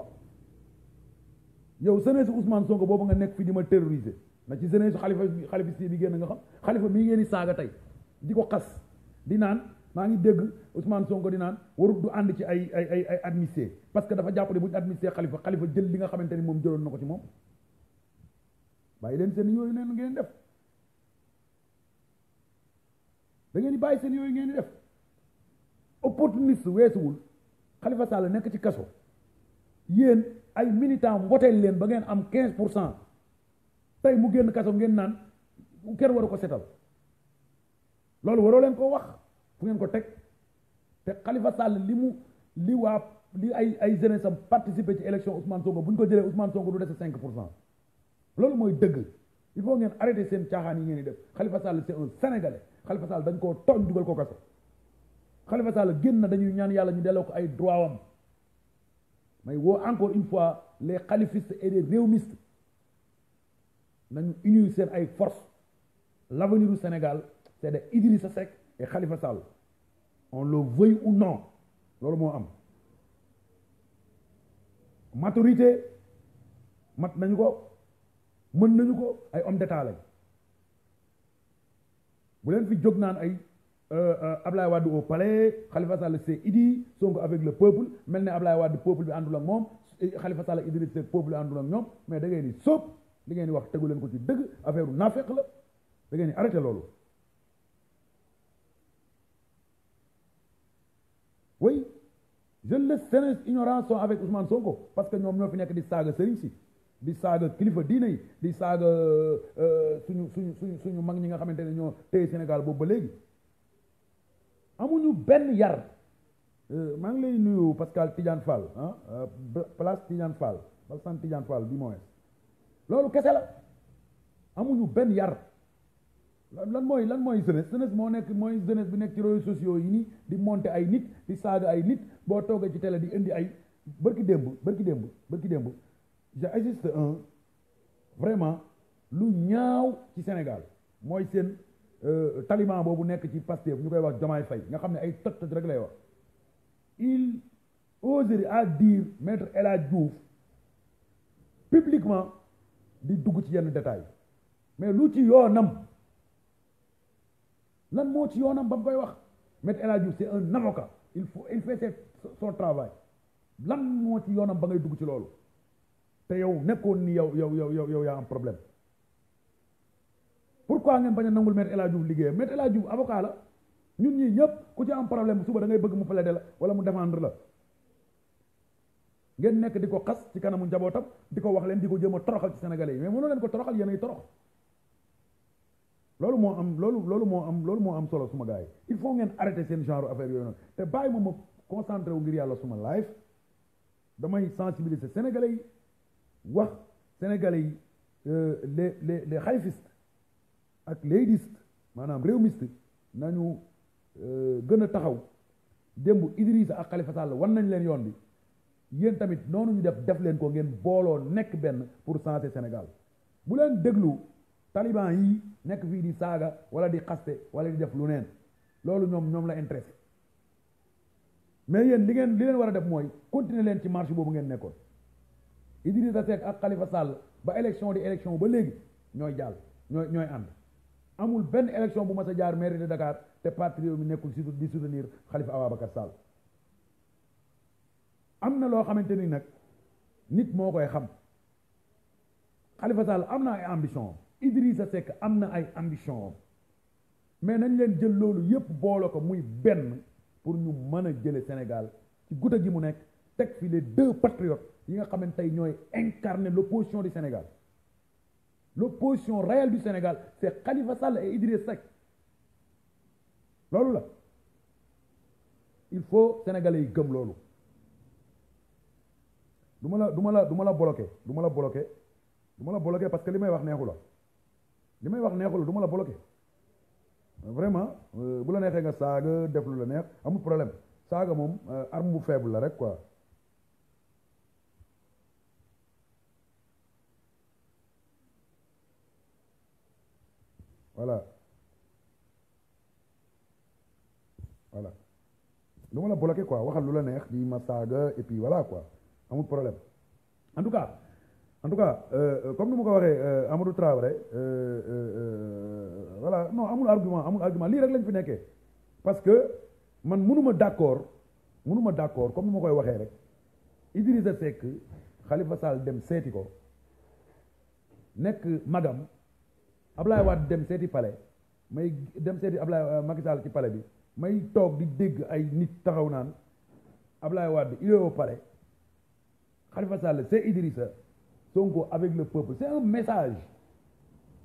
yow sene si Ousmane Sonko boobu nga nekk fi di ma terroriser ba ci jeunesse xalifa xalifa si bi génn nga xam xalifa mii ngeen di saaga tey di ko xas di naan maa ngi dégg Ousmane Sonko di naan warut du ànd ci ay ay ay ay administré parce que dafa jàpp ne bu ñu administré xalifa xalifa jël li nga xamante ni moom jëloon na ko ci moom bàyyi leen seen yooyu neen ngeen def da ngeen di bàyyi seen yooyu ngeen di def opportuniste weesuwul xalifa Sall nekk ci kaso yéen ay militant mboteel leen ba ngeen am quinze pour cent tey mu génn kaso ngeen naan kenn waru ko setal loolu waroo leen koo wax fu ngeen ko teg te Khalifa sàll li mu li waa li ay ay jeunesse am participer ci élection Ousmane Sonko bu ñu ko jëlee Ousmane Sonko du dese cinq pour cent loolu mooy dëgg il faut ngeen arrêter seen caaxaan yi ngeen di def Khalifa Sall c'est un sénégalais Khalifa Sall dañ koo tooñ dugal ko kaso Khalifa Sall génn na dañuy ñaan yàlla ñu delloo ko ay droit am may woo encore une fois les khalifistes et les réwmistes nañu unir seen ay forces l'avenir du Sénégal c'est de Idrissa Seck et Khalifa Sall on le veuille ou non loolu moo am maturité mat nañu ko mën nañu ko ay homme d'état lañ bu leen fi jóg naan ay euh, euh, Ablaye Wade au palais Khalifa Sall c'est Idi Sonko avec le peuple mel ne Ablaye Wade peuple bi àndul moom Khalifa Sall Idrissa Seck peuple bi àndul ak ñoom mais da ngay ni li ngeen di wax tegu leen ko ci dëgg affaire u naafeq la da ngeen di arrêté loolu oui je laisse seen ignorance sont avec Ousmane parce que ñoom ñoo fi nekk di saaga sëriñ si di saaga kilifa diine yi di saaga euh, suñu suñu suñu suñu mag ñi nga xamante ne ñoo téye Sénégal boobu ba léegi amuñu benn yar euh, maa ngi lay nuyu Pascal Tidiane Fall ah euh, place Tidiane Fall Balsan Tidiane Fall du moins loolu kese la amuñu benn yar lan mooy lan mooy jeunesse jeunesse moo nekk mooy jeunesse bi nekk ci réseaux sociaux yi nii di monter ay nit di saaga ay nit boo toogee ci tele di indi ay bërki démb bërki démb bërki démb j'existe un vraiment lu ñaaw ci Sénégal mooy seen euh, taliban boobu nekk ci bu ñu koy wax Diomaye Faye nga xam ne ay toj toj rek lay wax il oserait à dire maître El Hadj Diouf publiquement di dugg ci yenn détails mais lu ci yoonam lan moo ci yoonam ba mu koy wax Maître El Hadji Diouf c'est ka il faut il fait son travail lan moo ci yoonam ba ngay dugg ci loolu te yow nekkoon ni yow yow yow yow yow yaa am problème pourquoi ngeen bañ a nangul Maître El Hadji Diouf liggéeyam Maître ñun ñii ñëpp ku ci am problème suba da ngay bëgg mu plaider la wala mu défendre la ngeen nekk di ko xas ci kanamu njabootam di ko wax leen di ko jéem a toroxal ci sénégalais yi mais mënoo leen ko toroxal yéen ay torox loolu moo am loolu loolu moo am loolu moo am solo suma gaay yi il faut ngeen arrêter seen genre affaire yooyu noonu te bàyyi ma ma concentré wu ngir yàlla suma live damay sensibiliser sénégalais yi wax sénégalais yi le euh, les les xayfistes ak léydistes maanaam réew miste nañu euh, gën a taxaw démb Idrissa ak Khalifa Sall wan nañ leen yoon bi yéen tamit noonu ñu def def leen ko ngeen booloo nekk benn pour changer Sénégal bu leen déglu taliban yi nekk fii di saaga wala di xaste wala di def lu neen loolu ñoom ñoom la intéressé mais yéen li ngeen li leen war a def mooy continuer leen ci marche boobu ngeen nekkoon Idrissa Seck ak Khalifa Sall ba élection di élection ba léegi ñooy jàll ñooy ñooy ànd amul benn élection bu mas a jaar mairie de Dakar te parti Rewmi nekkul di soutenir Khalifa Ababacar Sall am na loo xamante ni nag nit moo koy xam Khalifa Sall am na ay ambition sa Seck am na ay ambition mais nañ leen jël loolu yépp boole ko muy benn pour ñu mën a jële Sénégal ci guta gi mu nekk teg fi les deux patriotes yi nga xamante tey ñooy incarner l'opposition du Sénégal la l'opposition réelle du Sénégal c'est Khalifa Sall et Idrissa Seck loolu la il faut sénégalais yi gëm loolu du ma la du ma la du ma la bloqué du ma la bloqué du parce que li may wax neexu la li may wax neexu la du ma la bloqué vraiment euh, bu la neexee nga saaga def lu la neex amul problème saaga moom euh, arme bu faible la rek quoi voilà voilà du la bloqué quoi waxal lu la neex di ma saaga et puis voilà quoi amul problème en tout cas en tout cas euh, euh, comme ni ma ko waxee euh, Amadou Traoré voilà non amul argument amul argument lii rek lañ fi nekkee parce que man mënuma d'accord mënuma d'accord comme ni ma koy waxee rek Idrissa Seck Khalifa Sall dem seeti ko nekk magam Ablaye Wade dem seeti pale may dem seeti Ablaye Macky Sall ci pale bi may toog di dégg ay nit taxaw naan Ablaye Wade il est au palais Khalifa Sall c'est Idrissa Sonko avec le peuple c'est un message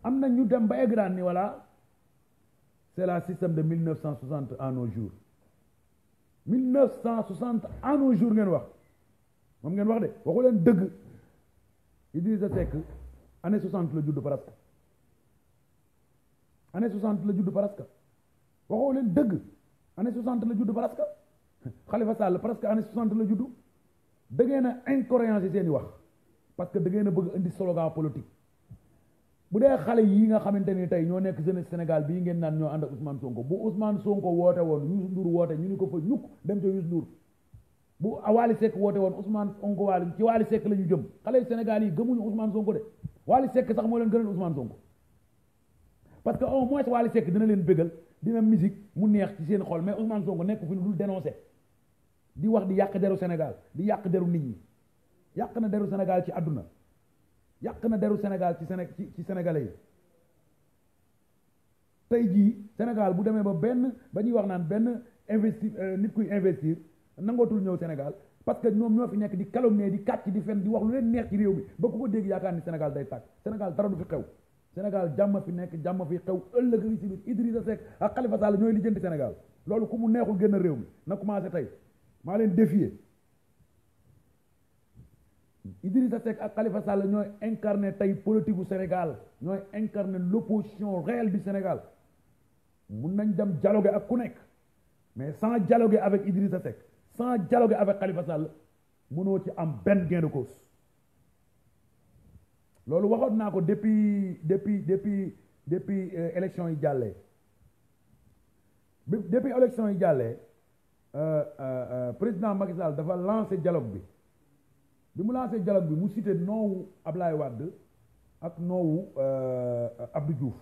am na ñu dem ba eggraan ni voilà c'est la système de 1960 à nos jours 1960 à nos jours ngeen wax mom ngeen wax de waxu leen dëgg Idrissa Seck année 60 la juddu presque année 60 la judd presque waxoo leen dëgg année 60 la judd presque Khalifa Sall presque anne 60 la judd da ngeen a incohérence yi seen wax parce que da ngeen a bëgg indi slogan politique bu dee xale yi nga xamante ni tey ñoo nekk jeunesse Sénégal bii ngeen naan ñoo ànd ak Ousmane Sonko bu Ousmane Sonko woote woon Youssou Ndour woote ñu ni ko fa dem ca Youssou Ndour bu Wally Seck woote woon Ousmane Sonko ci Wally Seck la ñu jëm xale Sénégal yi gëmuñu Ousmane Sonko de Wally Seck sax moo leen gënal Ousmane Sonko parce que au moins Wally dina leen bégal dina musique mu neex ci seen xol mais Ousmane Sonko nekk fi lu dul dénoncé di wax di yàq deru senegal di yàq deru nit ñi yàq na deru senegal ci àdduna yàq na deru senegal ci Séné ci Sénégalais yi tey jii Sénégal bu demee ba benn ba ñuy wax naan benn investir euh, nit kuy investir nangootul ñëw Sénégal parce que ñoom ñoo fi nekk di calomnier di kàcc di fen di wax lu leen neex ci réew mi ba ku ko dégg yaakaar ni Sénégal day tàkk Sénégal dara du fi xew Sénégal jàmm fi nekk jàmm fi xew ëllëg li ci biir Idrissa Seck ak Khalifa Sall ñooy lijjanti Sénégal loolu ku mu neexul génn réew mi na commencé tey maa leen défier sa Seck ak Khalifa Sall ñooy incarné tey politique bu Sénégal ñooy incarné l'opposition réelle bi Sénégal mun nañ dem dialoguer ak ku nekk mais sans dialoguer avec Idrissa Seck sans dialoguer avec Khalifa Sall mënoo ci am benn gain de cause loolu waxoon naa ko depuis depuis depuis depuis euh, élection yi jàllee depuis élection yi jàllee Euh, euh, euh, président Macky Sall dafa lancé dialogue bi bi mu lancé dialogue bi mu cité noowu Ablaye Wade ak noowu Abdou Diouf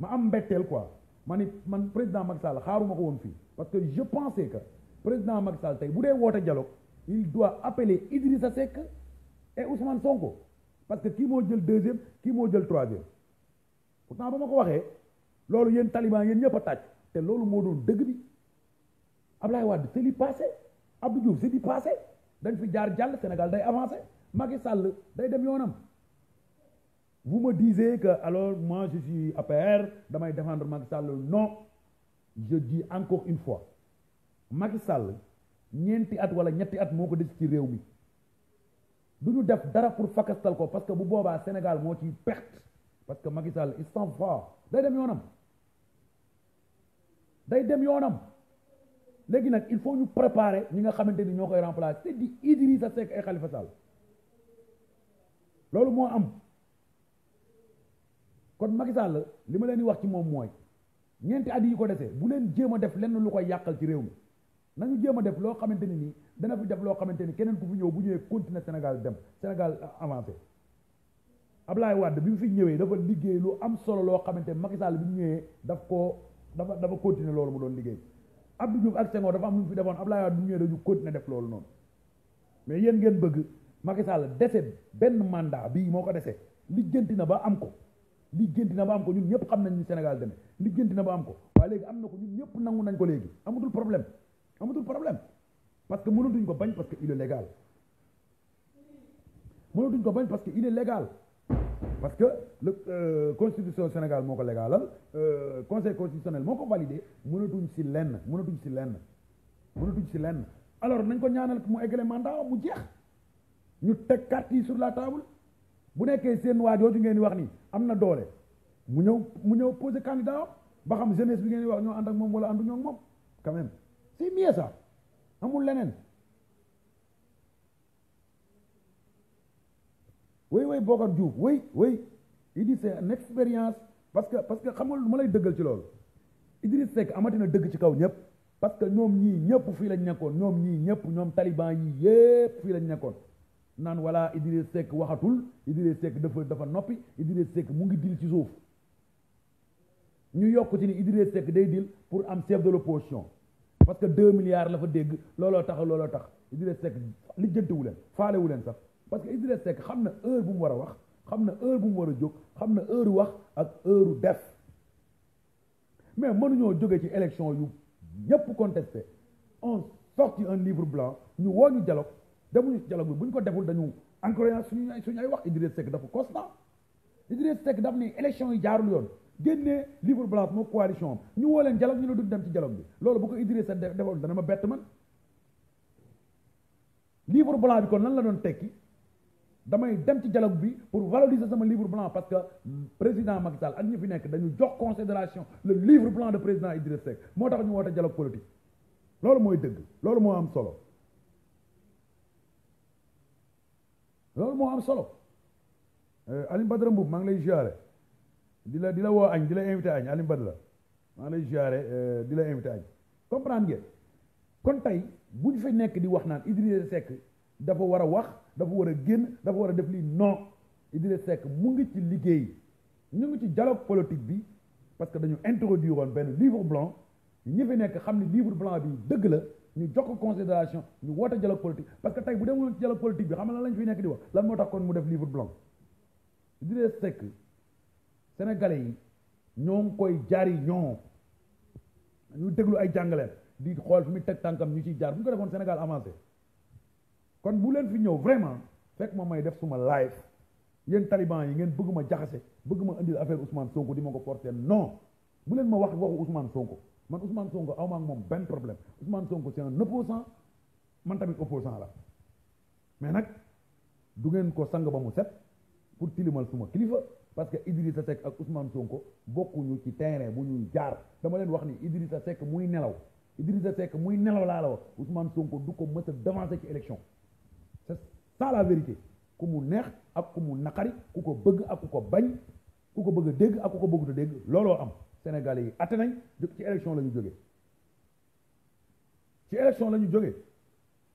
ma am mbetteel quoi ma ni man président Macky Sall xaaruma ko woon fii parce que je pensais que président Macky Sall tey bu dee woote dialogue il doit appeler Idrissa Seck et Ousmane Sonko parce que kii moo jël deuxième kii moo jël troisième pourtant ba ma ko waxee loolu yéen taliban yéen ñëpp a tàcc te loolu moo doon dëgg bi Ablaye Wade c'est du passé Abdou Diouf c'est du passé dañ fi jaar jàll Sénégal day avancé Macky Sall day dem yoonam vous me disiez que alors moi je damay défendre Macky Sall non je dis encore une fois Macky Sall ñeenti at wala ñetti at moo ko des ci réew mi du ñu def dara pour fakastal ko parce que bu boobaa Sénégal moo ci perte parce que Macky Sall il s'en fois day dem yoonam day dem yoonam léegi nag il faut ñu préparer ñi nga xamante ni ñoo koy remplacer c'est di Idrissa Seck ay Khalifa Sall loolu moo am kon Macky li ma leen di wax ci moom mooy ñeenti at yi ko desee bu leen jéem a def lenn lu koy yàqal ci réew mi nañu jéem a def loo xamante ni nii dana fi def loo xamante ni keneen ku fi ñëw bu ñëwee continuer Sénégal dem Sénégal avancé Ablaye Wade bi mu fi ñëwee dafa liggéey lu am solo loo xamante Macky Sall bi mu ñëwee daf koo dafa dafa continuer loolu mu doon liggéey Abdou Diouf ak Senghor dafa am lu mu fi defoon Abdoulaye Wade bu ñëwee dañu continuer def loolu noonu mais yéen ngeen bëgg Macky Sall dese benn mandat bii moo ko dese lijjanti na ba am ko lijjanti na ba am ko ñun ñëpp xam nañ ni Sénégal demee lijjanti na ba am ko waaye léegi am na ko ñun ñëpp nangu nañ ko léegi amatul problème amatul problème parce que mënatuñ ko bañ parce que il est légal mënatuñ ko bañ parce que il est légal parce que le euh, constitution Sénégal moo ko légalal euh, conseil constitutionnel moo ko validé mënatuñ si lenn mënatuñ si lenn mënatuñ si lenn alors nañ ko ñaanal mu eggale mandat mu jeex ñu teg carte yi sur la table bu nekkee seen waa jooju ngeen di wax ni am na doole mu ñëw mu ñëw poser candidat ba xam jeunesse bi ngeen di wax ñoo ànd ak moom wala ànduñoo ak moom quand même c'est mieux amul leneen. oui oui Bokar Diouf oui oui Idriss Seck une expérience parce que parce que xam nga lu ma lay dëggal ci loolu Idriss Seck amatina dëgg ci kaw ñëpp parce que ñoom ñii ñëpp fii lañ nekkoon ñoom ñii ñëpp ñoom taliban yi yëpp fii lañ nekkoon naan voilà Idriss Seck waxatul Idriss Seck dafa dafa noppi Idriss Seck mu ngi dil ci suuf ñu yokk ci ni Idriss Seck day dil pour am chef de l'opposition parce que deux milliards la fa dégg looloo tax looloo tax Idriss Seck lijjantiwu leen faalewu leen sax parce que Idriss Seck xam na heure bu mu war a wax xam na heure bu mu war a jóg xam na heure wax ak heure def mais mënuñoo jóge ci élection yu ñëpp contesté on sorti un livre blanc ñu woo ñu dialogue demuñu dialogue bi bu ñu ko deful dañu encore suñu suñu ay wax Idriss Seck dafa constant Idriss Seck daf ne élection yi jaarul yoon génnee livre blanc moo coalition am ñu woo leen dialogue ñu ne duñ dem ci dialogue bi loolu bu ko Idriss Seck defoon dana ma bett man livre blanc bi kon lan la doon tekki damay dem ci dialogue bi pour valoriser sama livre blanc parce que président Macky Sall ak ñi fi nekk dañu jox considération le livre blanc de président Idriss Seck moo tax ñu woote dialogue politique loolu mooy dëgg loolu moo am solo loolu moo am solo euh, Alioune Badara Mboub maa ngi lay ziare di la di la woo añ di la invité añ Alioune Badara maa ngi lay ziare euh, di la invité añ comprendre ngeen kon tey bu ñu fa nekk di wax naan Idriss Seck dafa war a wax dafa war a génn dafa war a def lii non Idrissa Seck mu ngi ci liggéey ñu ngi ci dialogue politique bi parce que dañu introduire woon benn livre blanc ñi fi nekk xam ne livre blanc bi dëgg la ñu jox ko considération ñu woote dialogue politique parce que tey bu demoon ci dialogue politique bi xam na lañ fi nekk di wax lan moo tax kon mu def livre blanc Idrissa Seck sénégalais yi ñoo ngi koy jaari ñoo ñu déglu ay jàngaleer di xool fi mu teg tànkam ñu ciy jaar bu ñu ko defoon Sénégal avancé kon bu leen fi ñëw vraiment fekk ma may def suma live yéen taliban yi ngeen bëgg ma jaxase bëgg ma indil affaire Ousmane Sonko di ma ko porter non bu leen ma wax waxu Ousmane Sonko man Ousmane Sonko aw ma ak moom benn problème Ousmane Sonko c'est un opposant man tamit opposant la mais nag du ngeen ko sang ba mu set pour tilimal suma kilifa parce que sa Seck ak Ousmane Sonko bokkuñu ci terrain bu ñuy jaar dama leen wax ni Idrissa Seck muy nelaw Idrissa Seck muy nelaw laa la wax Ousmane du ko mës a ci élection ça la vérité ku mu neex ak ku mu naqari ku ko bëgg ak ku ko bañ ku ko bëgg dégg ak ku ko bëggut dégg looloo am Sénégalais yi atte nañ ci élection la ñu jógee ci élection la ñu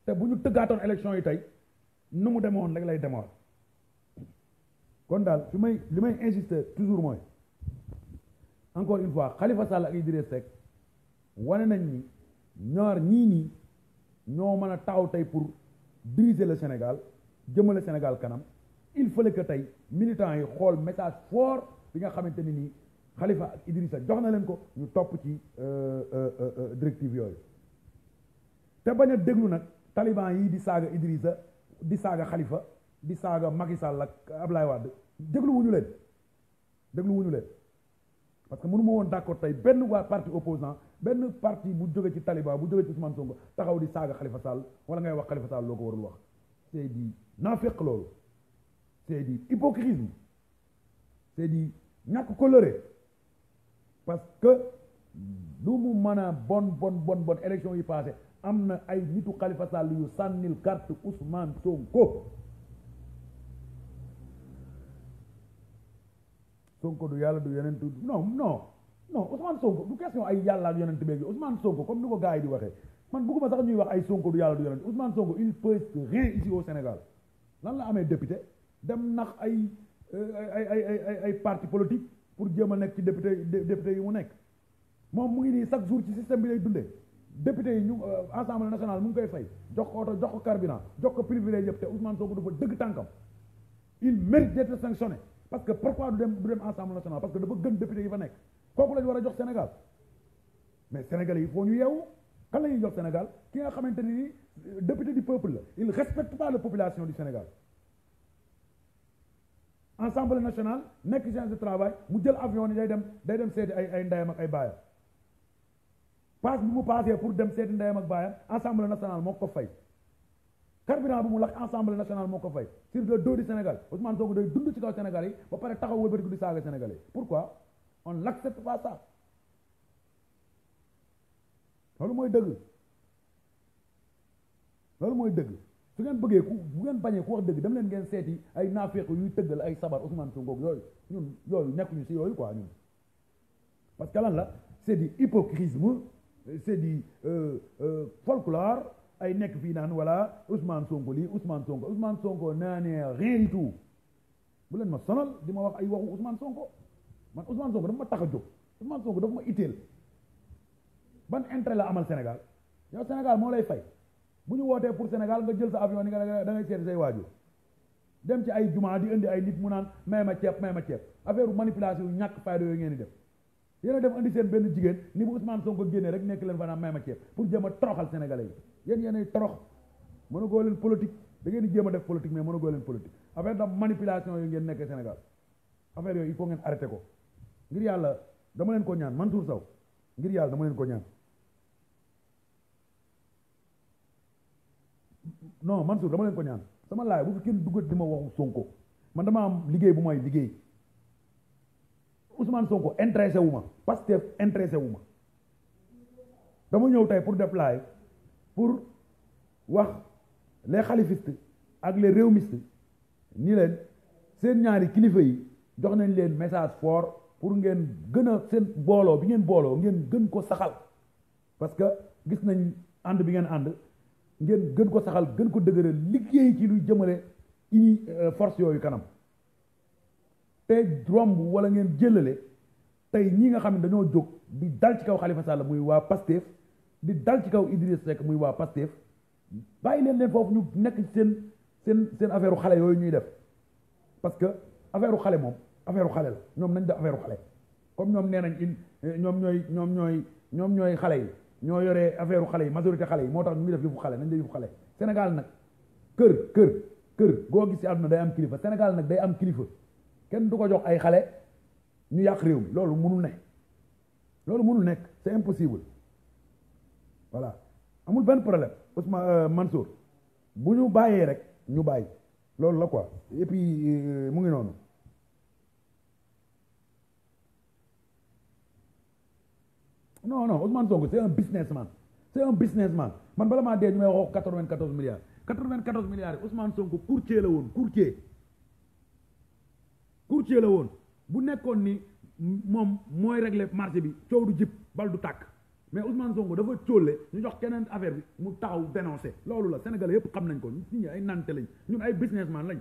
te bu ñu tëggaatoon élection yi tey nu mu demoon rek lay demoon kon daal fi may li may insister toujours mooy encore une fois Khalifa Sall ak Idrissa Seck wane nañ ni ñaar ñii nii ñoo mën a taxaw tey pour diriger le Sénégal jëmale Sénégal kanam il fallait que tey militants yi xool message fort bi nga xamante ni nii xalifa ak Idrissa jox na leen ko ñu topp ci euh, euh, euh, directive yooyu te bañ a déglu nag taliban yi di saaga Idrissa di saaga xalifa di saaga Macky Sall ak Ablaye Wade déglu wuñu leen déglu wuñu leen parce que mënu ma woon d'accord tey benn waa parti opposant benn parti bu jóge ci taliban bu jóge ci Ousmane Sonko taxaw di saaga Khalifa Sall wala ngay wax Khalifa Sall loo ko warul wax c'est di naa fekk loolu c'est du hypocrisme di du ñàkk coloré parce que lu mu bon bon bon bon élection yi passé am na ay nitu Khalifa Sall yu sànnil carte Ousmane Sonko Sonko du yàlla du yonent non non non Ousmane Sonko du question ay yàlla ak yonent beeg Ousmane Sonko comme ni ko gars yi di waxee man bëgguma sax ñuy wax ay Sonko du yàlla du yonent Ousmane Sonko il peut rien ici au lan la amee député dem nax ay ay ay ay ay parti politique pour jéem a nekk ci député député yi mu nekk moom mu ngi nii chaque jour ci système bi lay dundee député yi ñu euh, assemblée nationale mu ngi koy fay jox ko oto jox ko carburant jox ko privilège yëpp te Ousmane Sonko du fa dëgg tànkam il mérite d'être sanctionné parce que pourquoi du dem du dem assemblée nationale parce que dafa gën député yi fa nekk kooku la ñu war a jox Sénégal mais sénégal yi foo ñu yeewu kan la jox Sénégal ki nga xamante ni. député du peuple la il respecte pas la population du Sénégal Assemblée nationale nekk séance de travail mu jël avion ni day dem day dem seet ay ay ndeyam ak ay baayam passe bi mu passé pour dem seeti ndeyam ak baayam Assemblée nationale moo ko fay carburant bi mu lakk Assemblée national moo ko fay sur le dos du Sénégal Ousmane Sonko day dund ci kaw Sénégal yi ba pare taxaw wëlbatiku di saaga Sénégalais pourquoi on l'accepte pas ça loolu mooy dëgg loolu mooy dëgg su ngeen bëggee ku bu ngeen bañee ku wax dëgg dam leen ngeen seeti ay naafeq yuy tëggal ay sabar Ousmane Sonko yooyu ñun yooyu nekkuñu si yooyu ko ñun parce que lan la c'est du hypocrisme c'est du euh, euh, ay nekk fii naan voilà Ousmane Sonko lii Ousmane Sonko Ousmane Sonko naa ne rien du bu leen ma sonal di ma wax ay waxu Ousmane Sonko man Ousmane Sonko dafa ma tax a jóg Ousmane Sonko dafa ban intérêt la amal Sénégal yow Sénégal moo lay fay bu ñu wootee pour Sénégal nga jël sa avion ni nga da ngay seeti waajur dem ci ay jumaa di indi ay nit mu naan may ma ceeb may ma ceeb affaire manipulation yu ñàkk fayda yooyu ngeen di def yéen a dem seen benn jigéen ni bu Ousmane rek nekk leen fa naan may ma ceeb pour jéem a toroxal sénégalais yi yéen yéenay a goo leen da ngeen di jéem a def politique mais mën a goo leen politique affaire da manipulation yooyu ngeen nekk Sénégal affaire yooyu il faut ngeen arrêté ko ngir yàlla dama leen ko ñaan Mansour Sow ngir yàlla dama leen ko ñaan non man suur dama leen ko ñaan sama laay bu fi kenn duggat di ma waxu Sonko man dama am liggéey bu may liggéey Ousmane Sonko intéressé wu ma Pastef intéressé wu ma dama ñëw tey pour def laay pour wax les xalifiste ak les réewmistes ni leen seen ñaari kilifa yi jox nañ leen message fort pour ngeen gën a seen booloo bi ngeen booloo ngeen gën ko saxal parce que gis nañ ànd bi ngeen ànd ngeen gën ko saxal gën ko dëgëral liggéey ci luy jëmale ini euh, force yooyu kanam te romb wala ngeen jëlale tey ñii nga xam ne dañoo jóg di dal ci kaw Khalifa Sall muy waa Pastef di dal ci kaw Idriss Seck muy waa Pastef bàyyi leen leen foofu ñu nekk seen seen seen affaire xale yooyu ñuy def parce que affaire xale moom affaire xale la ñoom nañ def affaire xale comme ñoom nee nañ in euh, ñoom ñooy ñoom ñooy ñoom ñooy xale yi ñoo yore affaire xale yi majorité xale yi moo tax ñu ngi def yëfu xale nañ def xale Sénégal nag kër kër kër goo gis ci àdduna day am kilifa Sénégal nag day am kilifa kenn du ko jox ay xale ñu yàq réew mi loolu mënul ne loolu mënul nekk c'est impossible voilà amul benn problème Ousmane euh, Mansour bu ñu bàyyee rek ñu bàyyi loolu la quoi et puis euh, mu ngi noonu non non Ousmane Sonko c' est un businessman c' est un businessman man bala maa dee ñu may wax quatre vingt quatorze milliards quatre vingt quatorze milliards yi Ousmane courtier la woon courtier courtier la woon bu nekkoon ni moom mooy régler marché bi coow du jib bal du tàkk mais Ousmane Sonko dafa cóole ñu jox keneen affaire bi mu taxaw dénoncé loolu la Sénégalais yëpp xam nañ ko ñun ay nante lañ ñun ay businessman lañ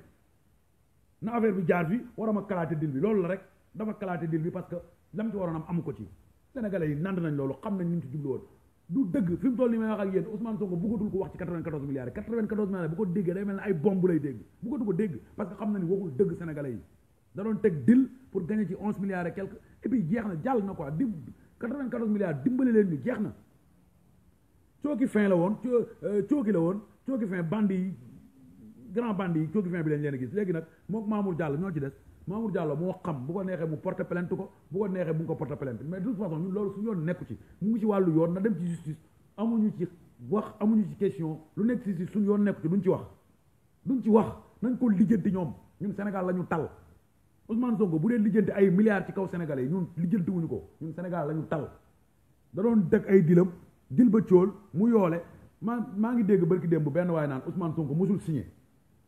na affaire bi jaar fi ma kalaate dil bi loolu rek dafa kalaate dil bi parce que lam ci amu ko ci sénégalais yi nand nañ loolu xam nañ ñu ci jublu woon du dëgg fi mu toll nii may wax ak yéen Sonko bëggatul ko wax ci 94 milliards yi 94 milliards bu ko déggee day mel ne ay bomb lay dégg bëggatu ko dégg parce que xam na ni waxul dëgg sénégalais yi da doon teg dil pour gagner ci 11 milliards quelque et puis jeex na jàll na quoi di 94 milliards dimbali leen ñu jeex na cooki fin la woon euh, cooki la woon cooki fin bandi yi grand bandi yi fin bi lañ leen gis léegi nag moom Mamour Diallo ñoo ci des Mamour Diallo moo xam bu ko neexee mu porte plainte ko bu ko neexee mu ko porte plainte mais de toute façon ñun loolu suñu yoon nekku ci mu ngi ci wàllu yoon na dem ci justice amuñu ci wax amuñu ci question lu nekk ci suñu yoon nekku ci duñ ci wax duñ ci wax nañ ko lijjanti ñoom ñun senegal la ñu tal Ousmane Sonko bu dee lijjanti ay milliards ci kaw Sénégalais ñun lijjanti wuñu ko ñun senegal la ñu tal da doon dëkk ay dilam dil ba cool mu yoole maa maa ngi dégg barki bu benn waaye naan Ousmane Sonko musul signé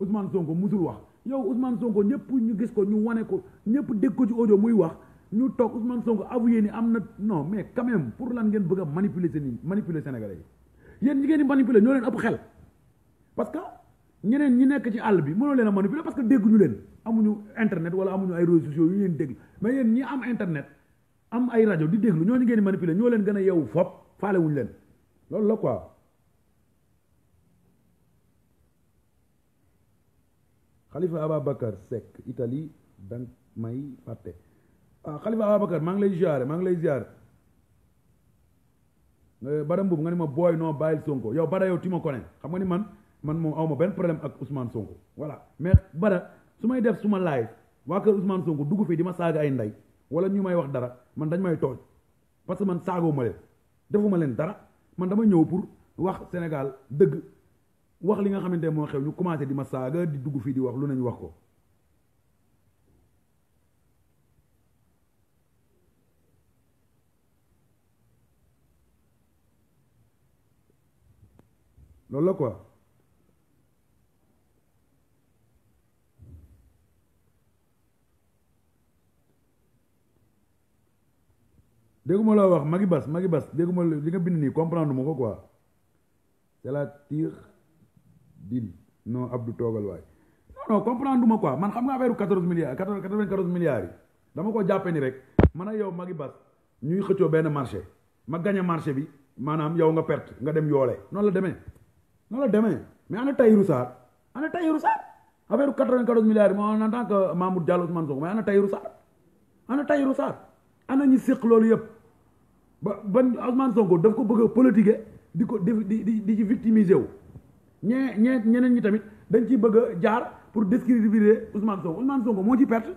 Ousmane Sonko musul wax yow Ousmane Sonko ñëpp ñu gis ko ñu wane ko ñëpp dégg ko ci audio muy wax ñu toog Ousmane Sonko avoué ni am na non mais quand même pour lan ngeen bëgg a manipuler seen manipuler Sénégalais yi yéen ñi ngeen di manipuler ñoo leen ëpp xel parce que ñeneen ñi nekk ci àll bi mënoo leen a manipuler parce que dégguñu leen amuñu internet wala amuñu ay réseaux sociaux yu leen dégg mais yéen ñi am internet am ay rajo di déglu ñoo ñooñu ngeen di manipuler ñoo leen gën a yeewu foofu faale wuñu leen loolu la quoi. xalifa Ababacar Seck Italie dang may fàtte ah xalifa Ababacar maa ngi lay ziare maa ngi lay ziare eh, Bada Mbuub nga ni ma booy noo bàyyil Sonko yow Bada yow tu ma xam nga ni man man moom aw ma benn problème ak Ousmane Sonko voilà mais bara su may def su ma live waa kër Ousmane Sonko dugg fii di ma saaga ay ndey wala ñu may wax dara man dañ may tooñ parce que man saagoo ma leen defuma leen dara man dama ñëw pour wax Sénégal dëgg wax li nga xamante moo xew ñu commencé di ma saaga di dugg fii di wax lu nañu wax ko loolu la quoi dégguma loo wax Magui Bass Magui Bass dégguma li nga bind nii comprendre ma ko quoi c'est dil non Abdou toogal waay non non comprendre du ma quoi man xam nga affaire quatorze milliards quatre-vingt-quatorze milliards yi dama ko jàppe ni rek man a yow magi bas ñuy xëccoo benn marché ma gañe marché bi maanaam yow nga perte nga dem yoole noonu la demee noonu la demee mais ana Tahirou Sarr ana Tahirou Sarr affaire quatre-vingt-quatorze milliards yi moom tant que Mamour Diallo Ousmane Sonko mais ana Tahirou Sarr ana Tahirou Sarr ana ñu séq loolu yëpp ba ba Ousmane Sonko daf ko bëgg a politiquer di ko di di di ci victimiser wu ñee ñee ñeneen ñi tamit dañ ciy bëgg jaar pour discréditer Ousmane Sonko Ousmane Sonko moo ci perte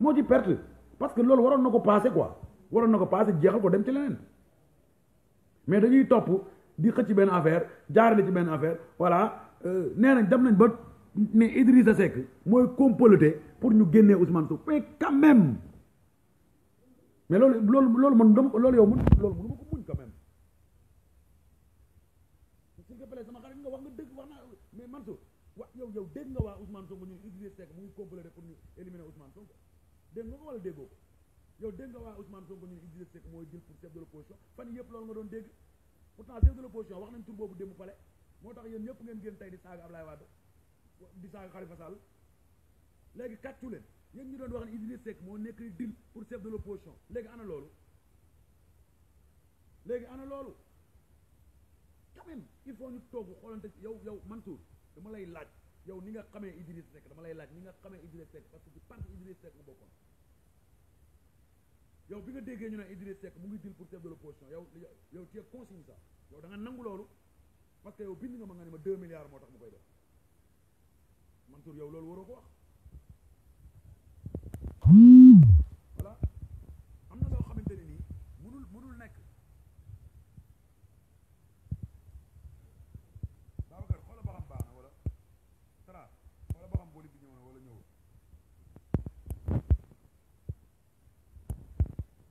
moo ci perte parce que loolu waroon na ko passé ko waroon na ko passé jeexal ko dem ci leneen mais dañuy topp di xëcc benn affaire jaarale ci benn affaire voilà euh, nee nañ dem nañ ba ne Idrissa Seck mooy comploté pour ñu génnee Ousmane Sonko mais quand même mais loolu loolu loolu man dama loolu yow mën loolu mënu Mansour wa yow yow dégg nga waa Ousmane Sonko ñu ne Idrissa Seck mu ngi complété pour ñu éliminer Ousmane Sonko dégg nga ko wala déggoo ko yow dégg nga waa Ousmane Sonko ñu ne Idrissa Seck mooy jël pour chef de l'opposition fan yëpp loolu nga doon dégg pourtant chef de l'opposition wax nañ tur boobu démb tax yéen ñëpp ngeen génn tey di saaga Ablaye Wade di léegi kàccu leen yéen ñu doon wax ne Idrissa Seck moo nekk di dil pour chef de l'opposition léegi ana loolu léegi ana loolu quand il faut ñu toog xoolante yow yow Mansour dama lay laaj yow ni nga xamee Idriss Seck dama lay laaj ni nga xamee Idriss Seck parce que ci parti Idriss Seck nga bokkoon yow bi nga déggee ñu ne Idriss Seck mu ngi dil pour chef de l'opposition yow yow tu consigne ça yow da nga nangu loolu parce que yow bind nga ma nga ne ma deux milliards moo tax mu koy def Mansour yow loolu waroo ko wax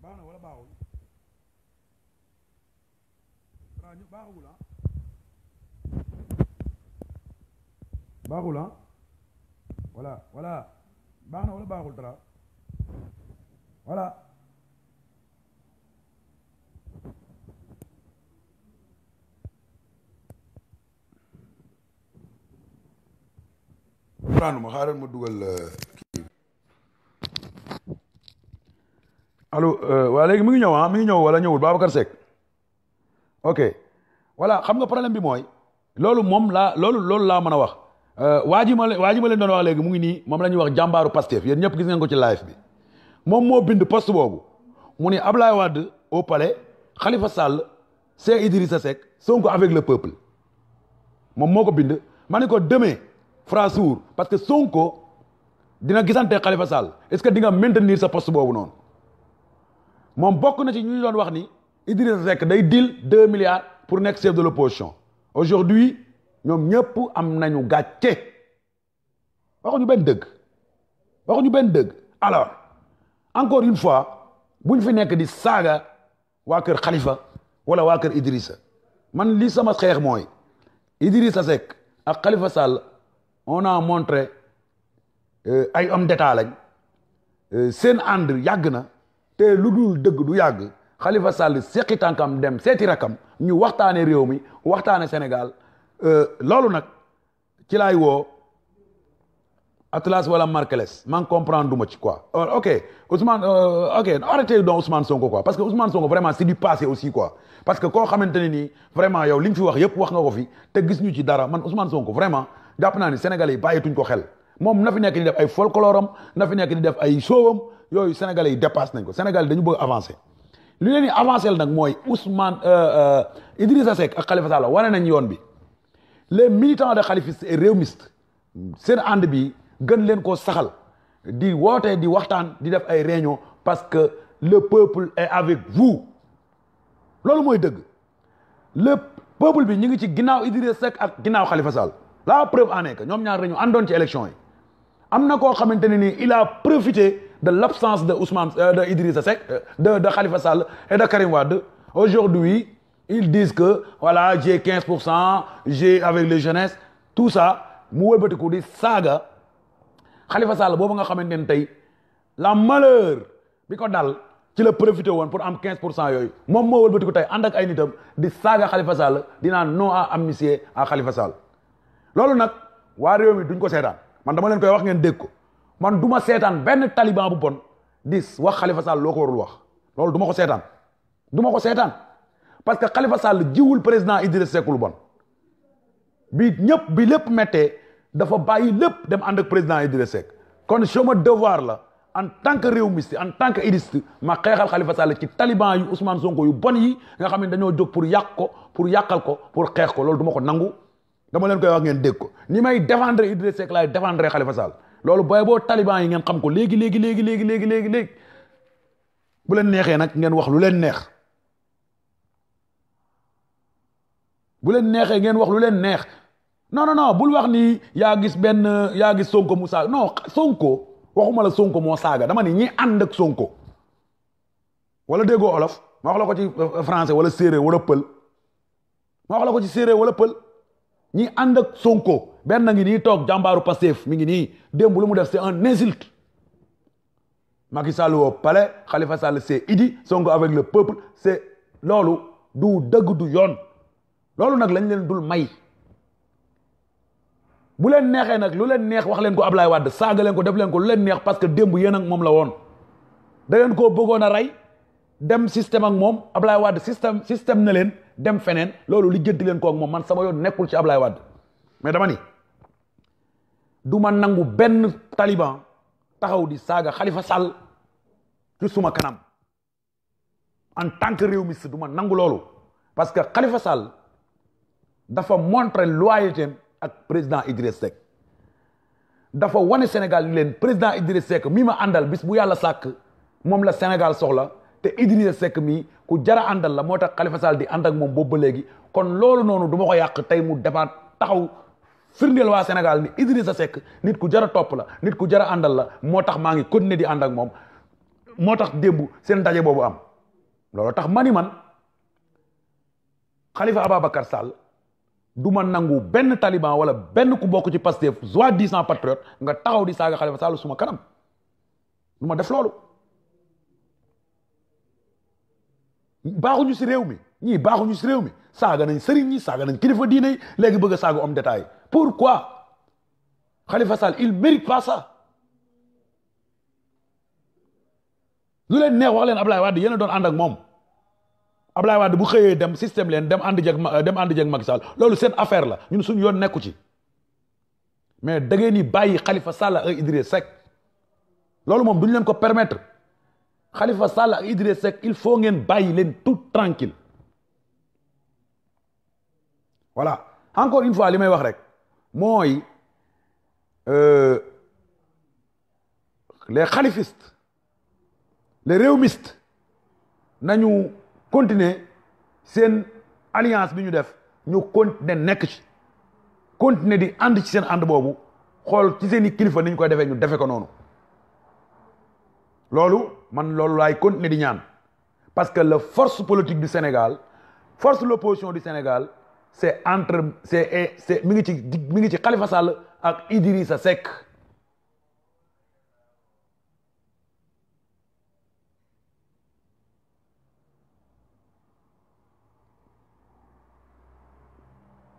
baax na wala baaxul waaw ñu baaxul wala baaxul ah voilà voilà baax wala baaxul dara voilà ma xaaral ma dugal euh, alo euh, waa léegi mi ngi ñëw ah mi ngi ñëw wala ñëwul Babacar Seck ok voilà xam nga problème bi mooy loolu moom laa loolu loolu laa mën a wax euh, waa ji ma waa ji ma leen doon wax léegi mu ngi nii moom la ñuy wax jàmbaaru Pastef yéen ñëpp gis ngeen ko ci live bi moom moo bind post boobu mu ni Ablaye Wade au palais Khalifa Sall c'est Idrissa Seck Sonko avec le peuple moom moo ko bind ma ne ko demain Frasour parce que Sonko dina gisante Khalifa Sall est-ce que di nga sa poste boobu noonu moom bokk na ci ñu doon wax ni Idriss Seck day dil deux milliards pour nekk chef de l'opposition aujourd'hui ñoom ñëpp am nañu gàcce waxuñu benn dëgg waxuñu benn dëgg alors encore une fois buñ fi nekk di saaga waa kër Khalifa wala waa kër Idrissa man li sama xeex mooy Idrissa Seck ak Khalifa Sall on a montré euh, ay hommes d'état lañ euh, seen ànd yàgg na te lu dul dëgg du yàgg Khalifa Sall seqi tànkam dem seeti rakam ñu waxtaane réew mi waxtaane Sénégal euh, loolu nag ci laay woo Atlas wala Marcellus man comprendre du ma ci quoi euh, ok Ousmane euh, ok arrêtez donc Ousmane Sonko quoi parce que Ousmane Sonko vraiment c'est du aussi quoi parce que koo xamante ne nii vraiment yow li ñu fi wax yëpp wax nga ko fi te gis ñu ci dara man Ousmane Sonko vraiment jàpp naa ni Sénégalais yi bàyyituñ ko xel. moom na fi nekk di def ay folklore am na fi nekk di def ay soowam yooyu sénégalais yi dépassé nañ ko sénégal dañu bëgg avancé li leen di avancer nag mooy Ousmane euh, euh, Idrissa Seck ak Khalifa wane nañ yoon bi les militants de khalifistes et réwmistes seen ànd bi gën leen koo saxal di woote di waxtaan di def ay réunion parce que le peuple est avec vous loolu mooy dëgg le peuple bi ñu ngi ci ginnaaw Idrissa Seck ak ginnaaw Khalifa Sall la preuve en est que ñoom ñaar dañu àndoon ci yi am na koo xamante ne nii il a profité de l' absence de Ousmane euh, de Idrissa Seck euh, de de Khalifa Sall et de Karim Wade aujourd'hui ils disent que voilà j'ai quinze pour cent j'ai avec les jeunesses tout ça mu wëlbatiku di saaga Khalifa Sall boobu nga xamante ne tey la malheur bi ko dal ci la profité woon am quinze pour cent yooyu moom moo wëlbatiku tey ànd ak ay nitam di saaga Khalifa Sall dinaa non à amnistie à Khalifa Sall loolu nag waar réew mi duñ ko seetaan man dama leen koy wax ngeen dégg ko man du ma seetaan benn taliban bu bon di wax Khalifa Sall loo ko warul wax loolu du ma ko seetaan duma ko seetaan parce que Khalifa Sall jiwul président Idriss seekul lu bon bi ñëpp bi lépp méttee dafa bàyyi lépp dem ànd ak président Idriss Seck kon sama devoir la en tant que réewmiste en tant que idiste ma xeexal Khalifa Sall ci taliban yu Ousmane Sonko yu bon yi nga xam ne dañoo jóg pour yàq ko pour yàqal ko pour xeex ko loolu du ko nangu dama leen koy wax ngeen dégg ko ni may défendre Idriss Seck laay défendre Khalifa Sall loolu booy boo taliban yi ngeen xam ko léegi léegi léegi léegi léegi léegi léegi bu leen neexee nag ngeen wax lu leen neex bu leen neexee ngeen wax lu leen neex non non non bul wax ni yaa gis benn yaa gis Sonko mu saaga non Sonko waxuma la Sonko moo saaga dama ni ñi ànd ak Sonko wala déggoo olof ma wax la ko ci euh, français wala séeréer wala pël ma wax la ko ci séeréer wala pël. ñi ànd ak Sonko benn ngi nii toog jàmbaaru Pastef mi ngi nii démb lu mu def c'est un insulte Macky Sall au palais xalifa Sall c'est Idi Sonko avec le peuple c'est loolu du dëgg du yoon loolu nag lañ leen dul may bu leen neexee nag lu leen neex wax leen ko Ablaye Wade saaga leen ko def leen ko lu leen neex parce que démb yéen moom la woon da leen koo bëggoon a rey dem système ak moom Ablaye Wade système système na leen dem feneen loolu li jënti leen kook moom man sama yoon nekkul ci Ablaye Wade mais dama ni du ma nangu benn taliban taxaw di saaga Khalifa Sall ci suma kanam en tant réew mi si du ma nangu loolu parce que Khalifa Sall dafa montre loyauté ak président Idriss Seck dafa wane Sénégal leen président Idriss Seck mii ma àndal bis bu yàlla sàkk moom la Sénégal soxla te Idrissa Seck mii ku jara àndal la moo tax Khalifa Sall di àndak moom boobu ba léegi kon loolu noonu du ko yàq tey mu defaat taxaw firndeel waa Sénégal ni sa Seck nit ku jara topp la nit ku jara àndal la moo tax maa ngi continuer di ànd ak moom moo tax démb seen ndaje boobu am loolu tax mani man Khalifa Ababacar Sall du ma nangu benn taliban wala benn ku bokk ci Pastef soi-disant patriote nga taxaw di saaga Khalifa Sall suma kanam du ma def loolu baaxuñu si réew mi ñii baaxuñu si réew mi saaga nañ sëriñ ñi saaga nañ kilifa diine yi léegi bëgg a saaga homme d'état yi pourquoi Khalifa Sall il mérite pas ça lu leen neex wax leen Ablaye Wade yéen a doon ànd ak moom Ablaye Wade bu xëyee dem système leen dem ànd jeeg dem ànd jeeg Macky Sall loolu seen affaire la ñun suñu yoon nekku ci mais da ngeen ni bàyyi Khalifa Sall ak Idriss Seck loolu moom duñu leen ko permettre Khalifa Sall idre Idriss il faut ngeen bàyyi leen tout tranquille voilà encore in fois li may wax rek mooy euh, les khalifistes les réwmistes nañu continuer seen alliance bi ñu def ñu continuer nekk ci continuer di ànd ci seen ànd boobu xool ci seen i kilifa ni ñu koy defee ñu defe ko noonu loolu man loolu laay continuer di ñaan parce que la force politique du Sénégal force l' opposition du Sénégal c' est entre c' est c' mi ngi ci mi ngi ci Khalifa Sall ak Idrissa Seck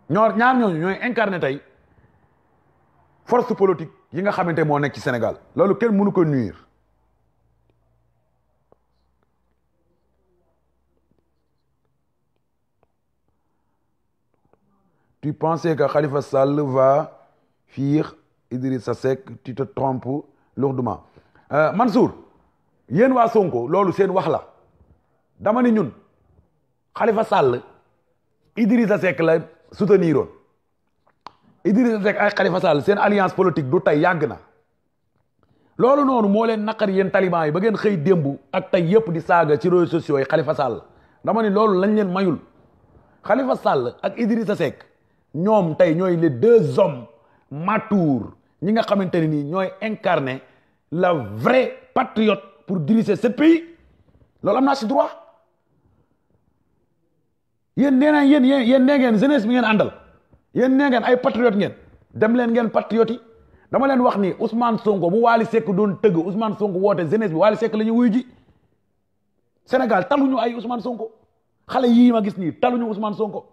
ñoor ñaar ñooñu ñooy incarné tey force politique yi nga xamante moo nekk ci Sénégal loolu kenn mënu ko nuire tu pensais que Khalifa Sall va fuir Idrissa Seck tu te trompes lourdement euh, Mansour yéen waa Sonko loolu seen wax la dama ni ñun Khalifa Sall sa Seck la soutenir oon Idrissa Seck ak Khalifa Sall seen alliance politique du tey yàgg na loolu noonu moo leen naqar yéen taliban yi ba ngeen xëy démb ak tey yépp di saaga ci réseaux sociaux yi Khalifa Sall dama ni loolu lañ leen mayul Khalifa Sall ak sa Seck ñoom tey ñooy les deux hommes matures ñi nga xamante ne nii ñooy incarner la vraie patriote pour diriger ce pays loolu am naa si droit yéen nee naa yéen yéen yéen nee ngeen jeunesse bi ngeen àndal yen nee ay patriote ngeen dem leen ngeen patriote dama leen wax ni Ousmane Sonko bu Waly Seck doon tëgg Ousmane Sonko woote jeunesse bi Waly Seck la ñu ji Sénégal taluñu ay Ousmane Sonko xale yii ma gis nii taluñu Ousmane Sonko.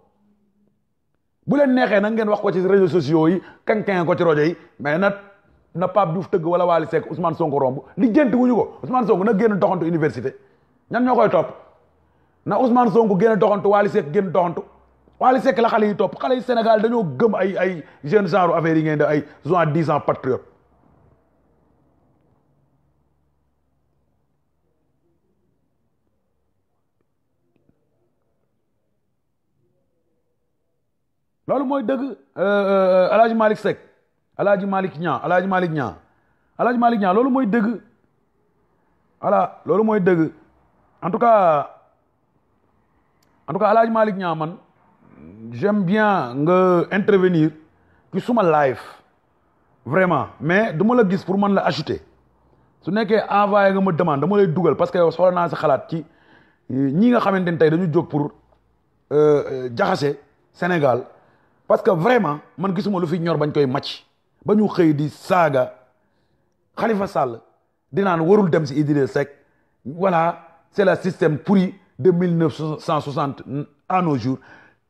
bu leen neexee nan ngeen wax ko ci réseaux sociaux yi kañ-kañ ko ci rajo yi mais na na Pape Diouf tëgg wala Waly Seck Ousmane Sonko romb li jënt wuñu ko Ousmane Sonko na génn doxantu université ñan ñoo koy topp na Ousmane Sonko génn doxantu Waly Seck génn doxantu Waly Seck la xale yi topp xale yi Sénégal dañoo gëm ay ay jeune genre affaire yi ngeen di ay soixante-dix ans patriote loolu mooy dëgg El euh, euh, Hadj Malick Seck El Hadj Malick Niang El Hadj Malick Niang loolu mooy dëgg voilà loolu mooy dëgg en tout cas en tout cas El Hadj man j'aime bien nga intervenir ci suma live vraiment mais du ma la gis pour man la acheter su nekkee envoyé nga ma demande dama lay dugal parce que yow soxla naa sa xalaat ci ñi nga xamante ni tey dañu jóg pour euh, jaxase Sénégal. parce que vraiment man gisuma lu fi ñor bañ koy màcc ba ñu xëy di saaga Khalifa Sall di naan warul dem si Idrissa Seck voilà c'est le système pourri de mille neuf cent soixante à jours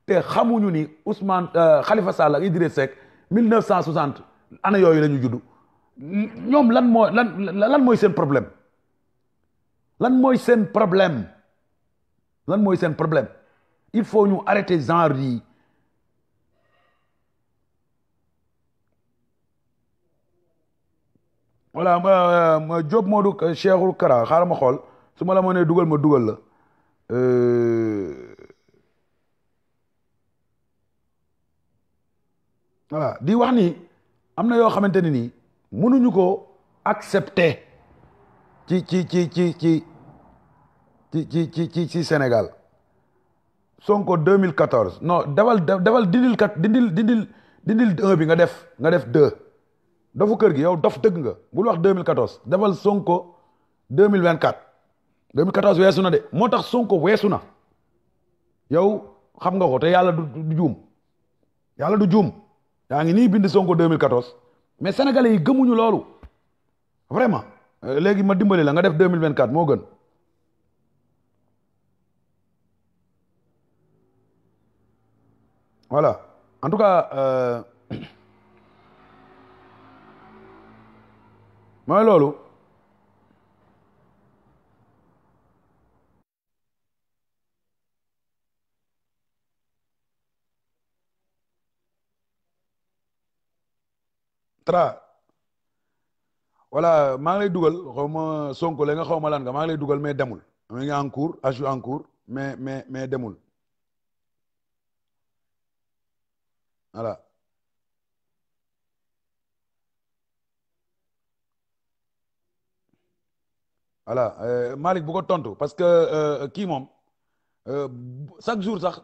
te xamuñu ni Ousmane euh, Khalifa Sall ak Idrissa Seck mille neuf cent soixante ana yooyu la ñu judd ñoom lan mooy lan lan mooy seen problème lan mooy seen problème lan mooy seen problème il faut ñu arrêter genre yi voilà ma euh, Diop Modou euh, Cheikhul Kara xaaral ma xol su ma la mënee dugal ma dugal la euh, voilà di wax ni am na yoo xamante ni nii mënuñu ko accepter ci ci ci ci ci ci ci ci ci Sénégal Sonko 2014 non defal defal dindil kat dindil dindil dindil un bi nga def nga def deux dofu kër gi yow dof dëgg nga bul wax 2014 defal Sonko 2024 2014 weesu na de moo tax Sonko weesu na yow xam nga ko te yàlla du juum yàlla du juum yaa ngi nii bind Sonko deux 2014 mais sénégalais yi gëmuñu loolu vraiment euh, léegi ma dimbali la nga def 2024 moo gën. voilà en tout euh, mooy loolu tra voilà maa ngi dugal xaw ma Sonko la nga xaw ma lan maa ngi lay dugal mais demul mi ngi en cours aju en cours mais mais mais demul voilà voilà euh, Malick bu ko tontu parce que euh, kii moom euh, chaque jour sax.